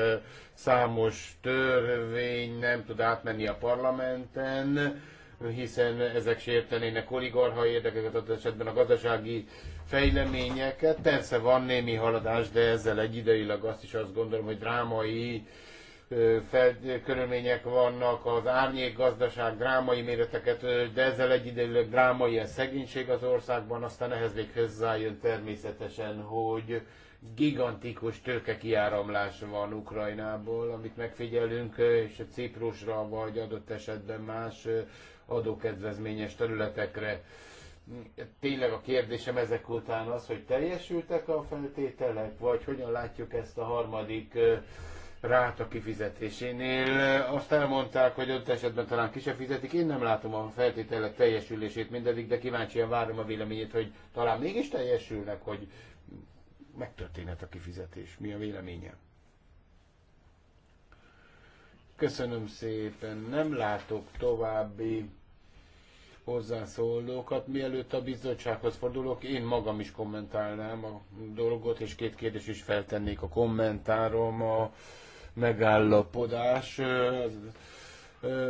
számos törvény nem tud átmenni a parlamenten, hiszen ezek sértenének oligarha érdekeket, adott esetben a gazdasági fejleményeket. Persze van némi haladás, de ezzel egyideileg azt is azt gondolom, hogy drámai fel, körülmények vannak, az árnyék gazdaság drámai méreteket, de ezzel egyidejűleg drámai a szegénység az országban, aztán ehhez még hozzájön természetesen, hogy gigantikus tőkekiáramlás van Ukrajnából, amit megfigyelünk, és a Ciprusra, vagy adott esetben más adókedvezményes területekre. Tényleg a kérdésem ezek után az, hogy teljesültek a feltételek, vagy hogyan látjuk ezt a harmadik ráta kifizetésénél. Azt elmondták, hogy ott esetben talán ki se fizetik. Én nem látom a feltételek teljesülését mindedig, de kíváncsian várom a véleményét, hogy talán mégis teljesülnek, hogy megtörténhet a kifizetés. Mi a véleménye? Köszönöm szépen. Nem látok további hozzászólókat. Mielőtt a bizottsághoz fordulok, én magam is kommentálnám a dolgot, és két kérdés is feltennék a kommentárom, a megállapodás.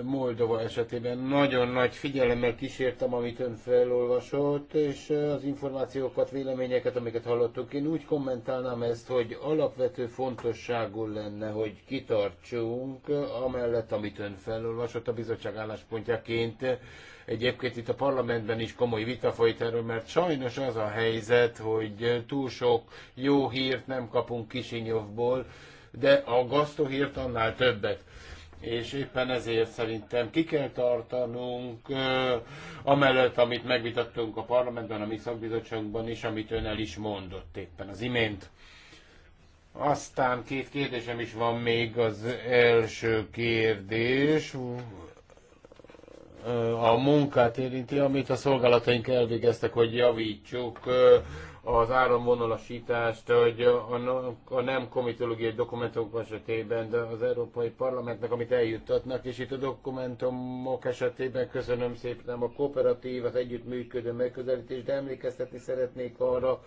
Moldova esetében nagyon nagy figyelemmel kísértem, amit ön felolvasott, és az információkat, véleményeket, amiket hallottuk, Én úgy kommentálnám ezt, hogy alapvető fontosságú lenne, hogy kitartsunk amellett, amit ön felolvasott a bizottság álláspontjaként Egyébként itt a parlamentben is komoly vita folyt erről, mert sajnos az a helyzet, hogy túl sok jó hírt nem kapunk Kisinyovból, de a gasztohírt annál többet és éppen ezért szerintem ki kell tartanunk ö, amellett, amit megvitattunk a parlamentben, a mi szakbizottságunkban is, amit ön el is mondott éppen az imént. Aztán két kérdésem is van még. Az első kérdés a munkát érinti, amit a szolgálataink elvégeztek, hogy javítsuk az áramvonalasítást, hogy a nem komitológiai dokumentumok esetében, de az Európai Parlamentnek, amit eljuttatnak, és itt a dokumentumok esetében köszönöm szépen a kooperatív, az együttműködő megközelítés, de emlékeztetni szeretnék arra,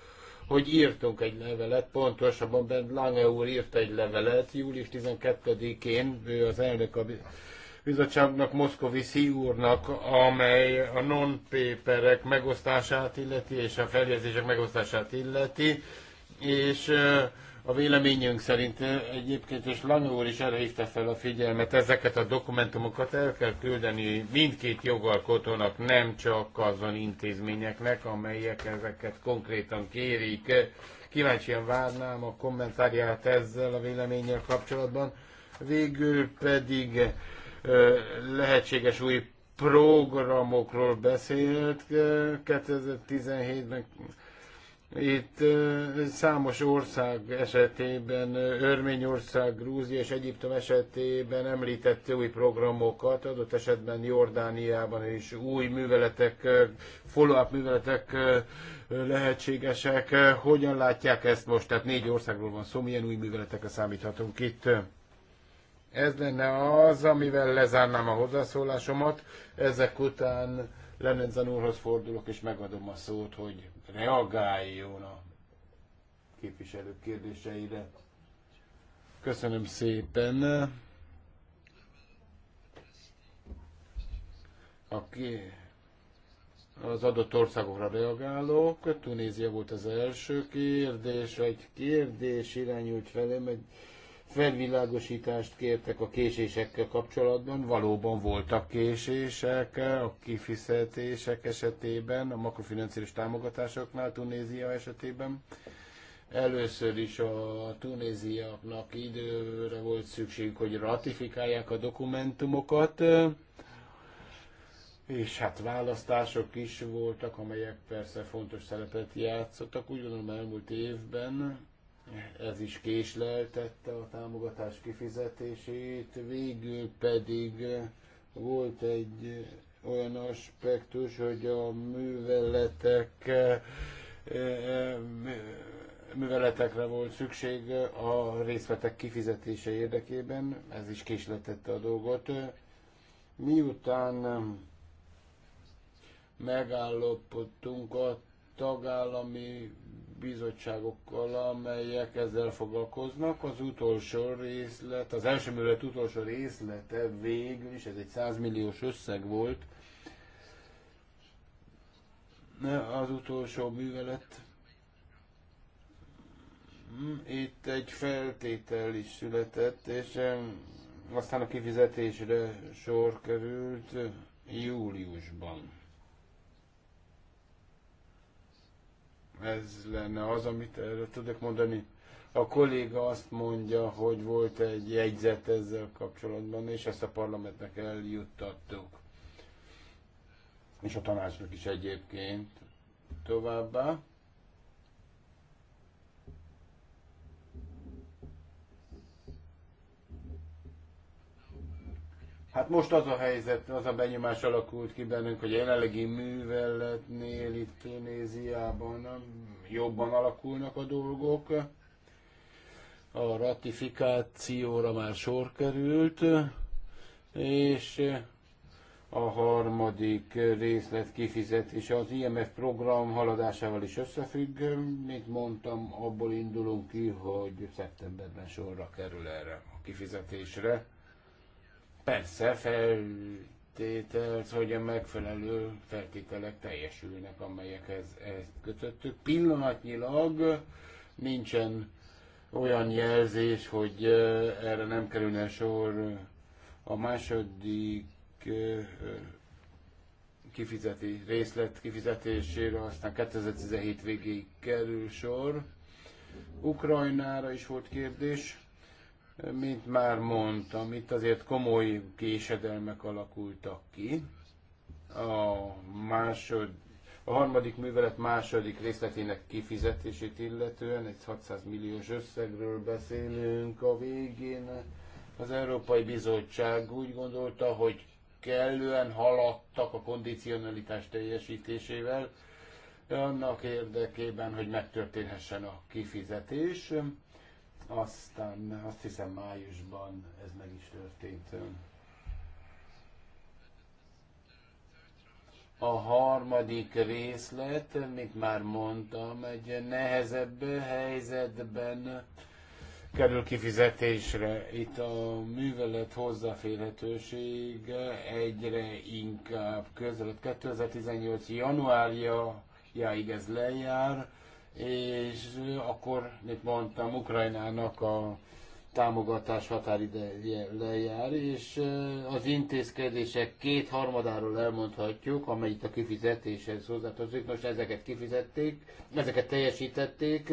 hogy írtunk egy levelet, pontosabban ben Lange úr írt egy levelet, július 12-én, ő az elnök a bizottságnak, Moszkoviszi úrnak, amely a non-paperek megosztását illeti, és a feljegyzések megosztását illeti, és eh, a véleményünk szerint eh, egyébként, és Lange úr is erre hívta fel a figyelmet, ezeket a dokumentumokat el kell küldeni mindkét jogalkotónak, nem csak azon intézményeknek, amelyek ezeket konkrétan kérik. Kíváncsian várnám a kommentárját ezzel a véleménnyel kapcsolatban. Végül pedig lehetséges új programokról beszélt 2017-ben. Itt számos ország esetében, Örményország, Grúzia és Egyiptom esetében említette új programokat, adott esetben Jordániában is új műveletek, follow-up műveletek lehetségesek. Hogyan látják ezt most? Tehát négy országról van szó, milyen új műveletekre számíthatunk itt? Ez lenne az, amivel lezárnám a hozzászólásomat. Ezek után Lenenzen úrhoz fordulok, és megadom a szót, hogy reagáljon a képviselők kérdéseire. Köszönöm szépen. Aki az adott országokra reagálok. Tunézia volt az első kérdés, egy kérdés irányult felém, egy felvilágosítást kértek a késésekkel kapcsolatban. Valóban voltak késések a kifizetések esetében, a makrofinanciális támogatásoknál, Tunézia esetében. Először is a tunéziaknak időre volt szükség, hogy ratifikálják a dokumentumokat, és hát választások is voltak, amelyek persze fontos szerepet játszottak, úgy gondolom elmúlt évben ez is késleltette a támogatás kifizetését, végül pedig eh, volt egy eh, olyan aspektus, hogy a műveletek eh, műveletekre volt szükség a részletek kifizetése érdekében, ez is késletette a dolgot. Miután megállapodtunk a tagállami bizottságokkal, amelyek ezzel foglalkoznak. Az utolsó részlet, az első művelet utolsó részlete végül is, ez egy 100 milliós összeg volt, az utolsó művelet. Hmm, itt egy feltétel is született, és aztán a kifizetésre sor került júliusban. Ez lenne az, amit erre tudok mondani. A kolléga azt mondja, hogy volt egy jegyzet ezzel kapcsolatban, és ezt a parlamentnek eljuttattuk. És a tanácsnak is egyébként továbbá. Hát most az a helyzet, az a benyomás alakult ki bennünk, hogy a jelenlegi műveletnél itt Tunéziában jobban alakulnak a dolgok. A ratifikációra már sor került, és a harmadik részlet kifizetése az IMF program haladásával is összefügg. Mint mondtam, abból indulunk ki, hogy szeptemberben sorra kerül erre a kifizetésre Persze feltétel, hogy a megfelelő feltételek teljesülnek, amelyekhez ezt kötöttük. Pillanatnyilag nincsen olyan jelzés, hogy erre nem kerülne sor. A második kifizeti, részlet kifizetésére aztán 2017 végéig kerül sor. Ukrajnára is volt kérdés. Mint már mondtam, itt azért komoly késedelmek alakultak ki. A, másod, a harmadik művelet második részletének kifizetését illetően egy 600 milliós összegről beszélünk a végén. Az Európai Bizottság úgy gondolta, hogy kellően haladtak a kondicionalitás teljesítésével, annak érdekében, hogy megtörténhessen a kifizetés. Aztán azt hiszem májusban ez meg is történt. A harmadik részlet, mint már mondtam, egy nehezebb helyzetben kerül kifizetésre. Itt a művelet hozzáférhetősége egyre inkább közelebb. 2018. januárja, ez lejár, és akkor, mint mondtam, Ukrajnának a támogatás határideje lejár, és az intézkedések kétharmadáról elmondhatjuk, amelyik a kifizetéshez hozzátartozik. Most ezeket kifizették, ezeket teljesítették,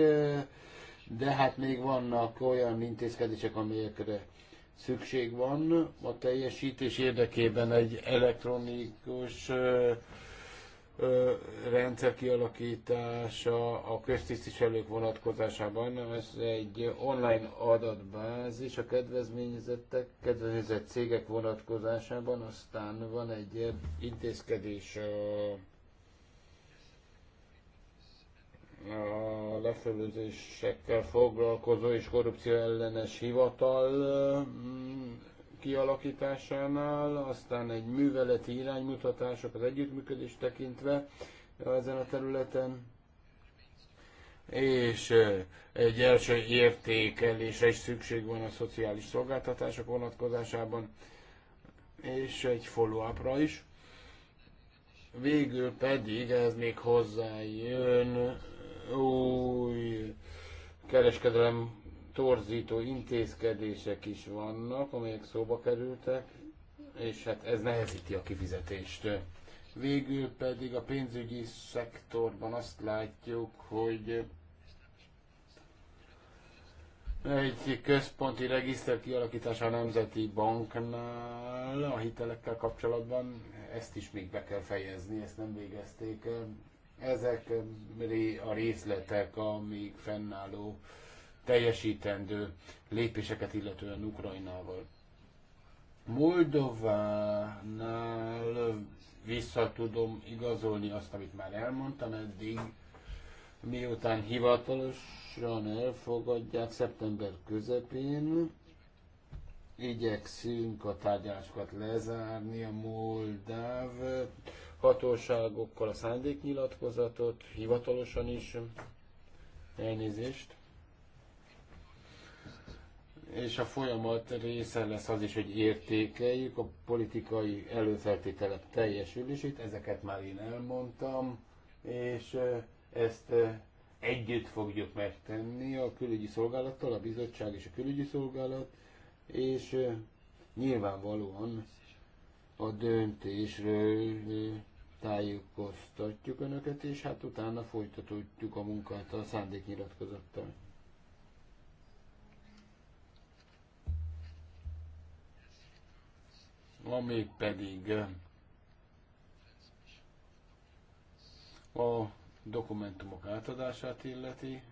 de hát még vannak olyan intézkedések, amelyekre szükség van a teljesítés érdekében egy elektronikus rendszer kialakítása a köztisztviselők vonatkozásában, ez egy online adatbázis a kedvezményezettek, kedvezményezett cégek vonatkozásában, aztán van egy intézkedés a, a lefelőzésekkel foglalkozó és korrupció ellenes hivatal mm, kialakításánál, aztán egy műveleti iránymutatások az együttműködés tekintve ezen a területen, és egy első értékelésre is szükség van a szociális szolgáltatások vonatkozásában, és egy follow-upra is. Végül pedig ez még hozzájön új kereskedelem torzító intézkedések is vannak, amelyek szóba kerültek, és hát ez nehezíti a kifizetést. Végül pedig a pénzügyi szektorban azt látjuk, hogy egy központi regiszter kialakítása a Nemzeti Banknál a hitelekkel kapcsolatban, ezt is még be kell fejezni, ezt nem végezték. Ezek a részletek a még fennálló teljesítendő lépéseket illetően Ukrajnával. Moldovánál vissza tudom igazolni azt, amit már elmondtam eddig, miután hivatalosan elfogadják szeptember közepén, igyekszünk a tárgyalásokat lezárni a moldáv hatóságokkal a szándéknyilatkozatot, hivatalosan is elnézést és a folyamat része lesz az is, hogy értékeljük a politikai előfeltételek teljesülését, ezeket már én elmondtam, és ezt együtt fogjuk megtenni a külügyi szolgálattal, a bizottság és a külügyi szolgálat, és nyilvánvalóan a döntésről tájékoztatjuk Önöket, és hát utána folytatjuk a munkát a szándéknyilatkozattal. ami pedig a dokumentumok átadását illeti.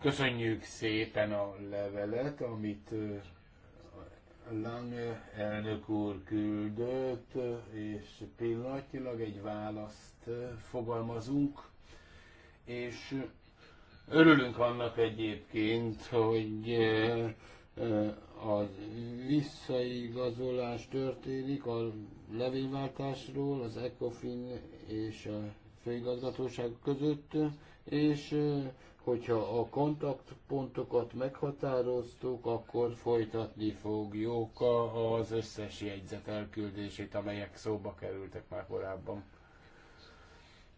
Köszönjük szépen a levelet, amit Lange elnök úr küldött, és pillanatilag egy választ fogalmazunk, és Örülünk annak egyébként, hogy eh, eh, a visszaigazolás történik a levélváltásról az ECOFIN és a főigazgatóság között, és eh, hogyha a kontaktpontokat meghatároztuk, akkor folytatni fogjuk az összes jegyzet elküldését, amelyek szóba kerültek már korábban.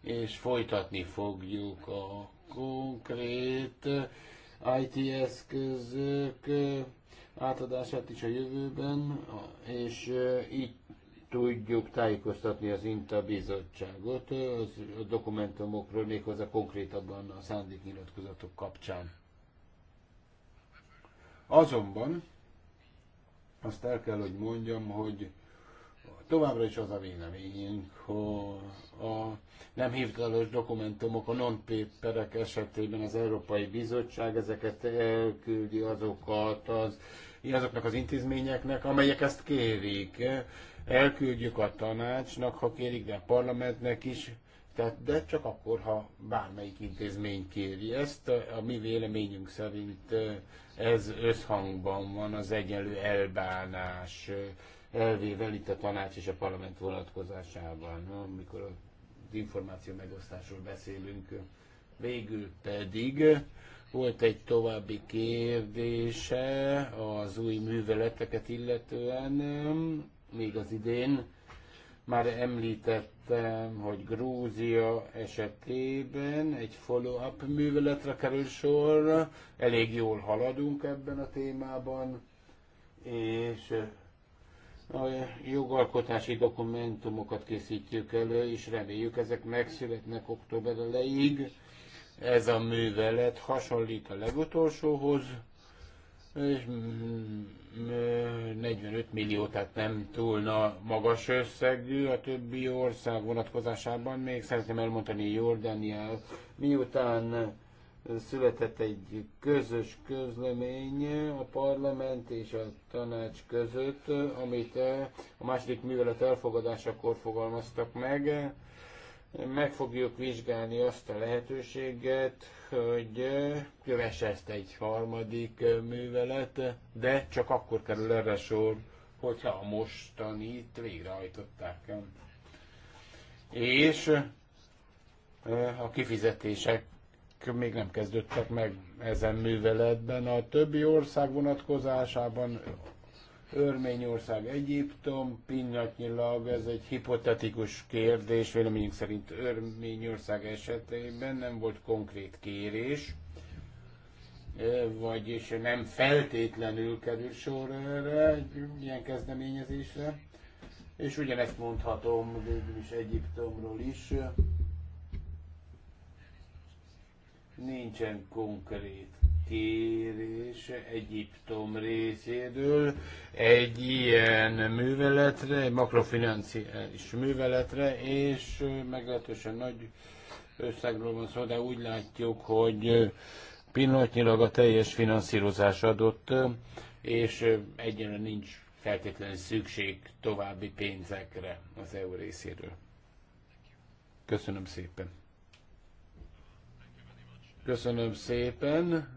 És folytatni fogjuk a konkrét uh, IT eszközök uh, átadását is a jövőben, és uh, így tudjuk tájékoztatni az INTA bizottságot az, a dokumentumokról, méghozzá konkrétabban a szándéknyilatkozatok kapcsán. Azonban azt el kell, hogy mondjam, hogy Továbbra is az a véleményünk, hogy a nem hivatalos dokumentumok, a non-paperek esetében az Európai Bizottság ezeket elküldi azokat az, azoknak az intézményeknek, amelyek ezt kérik. Elküldjük a tanácsnak, ha kérik, de a parlamentnek is, tehát, de csak akkor, ha bármelyik intézmény kéri ezt, a mi véleményünk szerint ez összhangban van az egyenlő elbánás elvével itt a tanács és a parlament vonatkozásában, amikor az információ megosztásról beszélünk. Végül pedig volt egy további kérdése az új műveleteket illetően, még az idén. Már említettem, hogy Grúzia esetében egy follow-up műveletre kerül sor, elég jól haladunk ebben a témában, és a jogalkotási dokumentumokat készítjük elő, és reméljük ezek megszületnek október elejéig. Ez a művelet hasonlít a legutolsóhoz, és 45 millió, tehát nem túl na magas összegű a többi ország vonatkozásában. Még szeretném elmondani Jordániát, miután született egy közös közlemény a parlament és a tanács között, amit eh, a második művelet elfogadásakor fogalmaztak meg. Meg fogjuk vizsgálni azt a lehetőséget, hogy eh, kövesse ezt egy harmadik eh, művelet, de csak akkor kerül erre sor, hogyha a mostanit végrehajtották. És a kifizetések még nem kezdődtek meg ezen műveletben. A többi ország vonatkozásában Örményország, Egyiptom, pillanatnyilag ez egy hipotetikus kérdés, véleményünk szerint Örményország esetében nem volt konkrét kérés, e, vagyis nem feltétlenül kerül sor erre, egy ilyen kezdeményezésre. És ugyanezt mondhatom is Egyiptomról is nincsen konkrét kérés Egyiptom részéről egy ilyen műveletre, egy makrofinanciális műveletre, és meglehetősen nagy összegről van szó, de úgy látjuk, hogy pillanatnyilag a teljes finanszírozás adott, és egyenlően nincs feltétlenül szükség további pénzekre az EU részéről. Köszönöm szépen! Köszönöm szépen.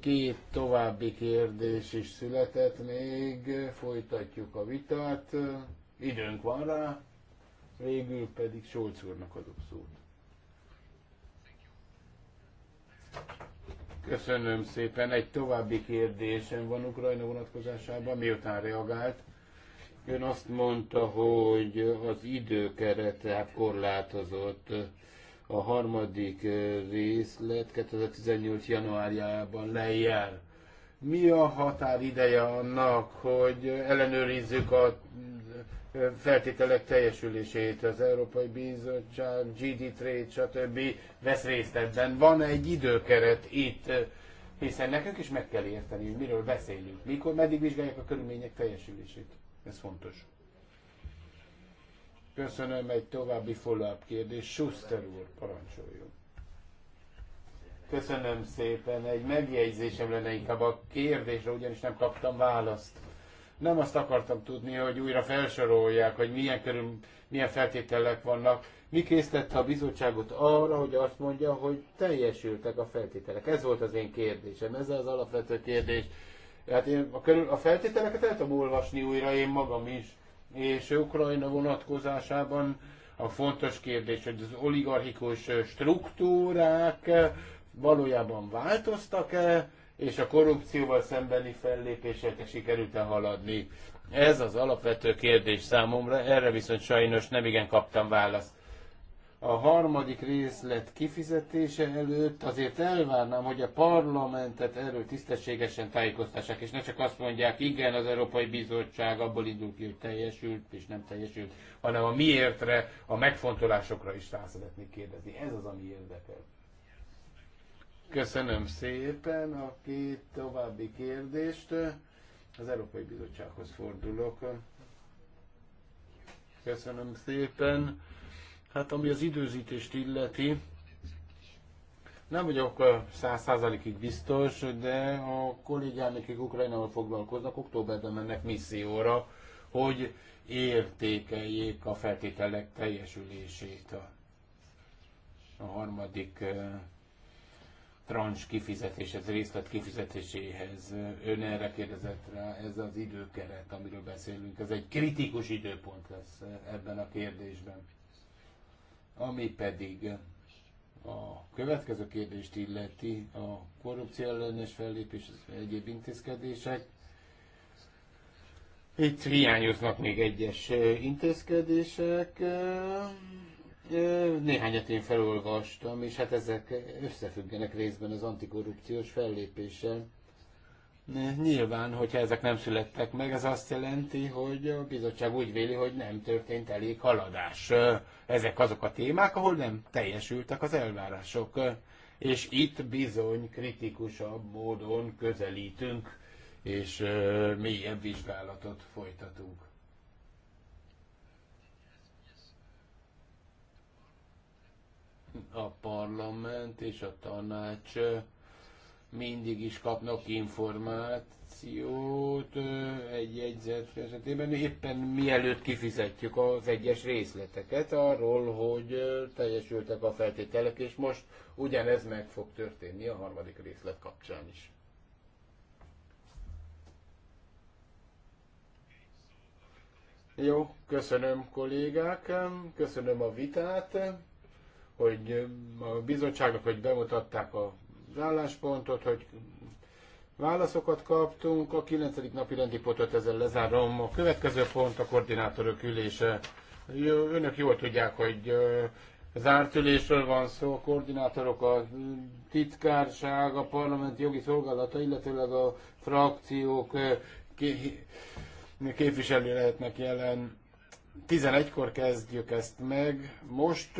Két további kérdés is született még, folytatjuk a vitát. Időnk van rá, végül pedig Solc úrnak adok szót. Köszönöm szépen. Egy további kérdésem van Ukrajna vonatkozásában, miután reagált. Ön azt mondta, hogy az időkeret tehát korlátozott. A harmadik eh, részlet 2018. januárjában lejár. Mi a határideje annak, hogy ellenőrizzük a eh, feltételek teljesülését, az Európai Bizottság, GD Trade, stb. vesz részt ebben. Van egy időkeret itt, eh, hiszen nekünk is meg kell érteni, hogy miről beszélünk, mikor, meddig vizsgálják a körülmények teljesülését. Ez fontos. Köszönöm, egy további follow-up kérdés. Schuster úr, parancsoljon. Köszönöm szépen. Egy megjegyzésem lenne inkább a kérdésre, ugyanis nem kaptam választ. Nem azt akartam tudni, hogy újra felsorolják, hogy milyen, körül, milyen feltételek vannak. Mi késztette a bizottságot arra, hogy azt mondja, hogy teljesültek a feltételek? Ez volt az én kérdésem, ez az alapvető kérdés. Hát én a, körül, a feltételeket el tudom olvasni újra én magam is, és Ukrajna vonatkozásában a fontos kérdés, hogy az oligarchikus struktúrák valójában változtak-e, és a korrupcióval szembeni fellépéseket sikerült-e haladni. Ez az alapvető kérdés számomra, erre viszont sajnos nem igen kaptam választ a harmadik részlet kifizetése előtt azért elvárnám, hogy a parlamentet erről tisztességesen tájékoztassák, és ne csak azt mondják, igen, az Európai Bizottság abból indul ki, hogy teljesült és nem teljesült, hanem a miértre, a megfontolásokra is rá szeretnék kérdezni. Ez az, ami érdekel. Köszönöm szépen a két további kérdést. Az Európai Bizottsághoz fordulok. Köszönöm szépen Hát ami az időzítést illeti, nem vagyok száz százalékig biztos, de a kollégám, akik Ukrajnával foglalkoznak, októberben mennek misszióra, hogy értékeljék a feltételek teljesülését a, a harmadik uh, trans kifizetéshez, részlet kifizetéséhez. Ön erre kérdezett rá, ez az időkeret, amiről beszélünk, ez egy kritikus időpont lesz ebben a kérdésben ami pedig a következő kérdést illeti, a korrupció ellenes fellépés, az egyéb intézkedések. Itt hiányoznak még egyes intézkedések. Néhányat én felolvastam, és hát ezek összefüggenek részben az antikorrupciós fellépéssel. Nyilván, hogyha ezek nem születtek meg, ez azt jelenti, hogy a bizottság úgy véli, hogy nem történt elég haladás. Ezek azok a témák, ahol nem teljesültek az elvárások. És itt bizony kritikusabb módon közelítünk, és mélyebb vizsgálatot folytatunk. A parlament és a tanács mindig is kapnak információt egy jegyzet esetében, éppen mielőtt kifizetjük az egyes részleteket arról, hogy teljesültek a feltételek, és most ugyanez meg fog történni a harmadik részlet kapcsán is. Jó, köszönöm kollégák, köszönöm a vitát, hogy a bizottságnak, hogy bemutatták a álláspontot, hogy válaszokat kaptunk. A 9. napi rendi pontot ezzel lezárom. A következő pont a koordinátorok ülése. Önök jól tudják, hogy zárt ülésről van szó, a koordinátorok, a titkárság, a parlamenti jogi szolgálata, illetőleg a frakciók képviselő lehetnek jelen. 11-kor kezdjük ezt meg. Most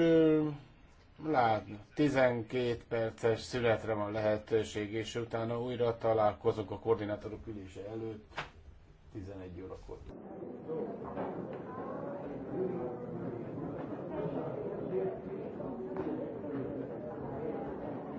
látna. 12 perces születre van lehetőség, és utána újra találkozok a koordinátorok ülése előtt 11 órakor. Thank you.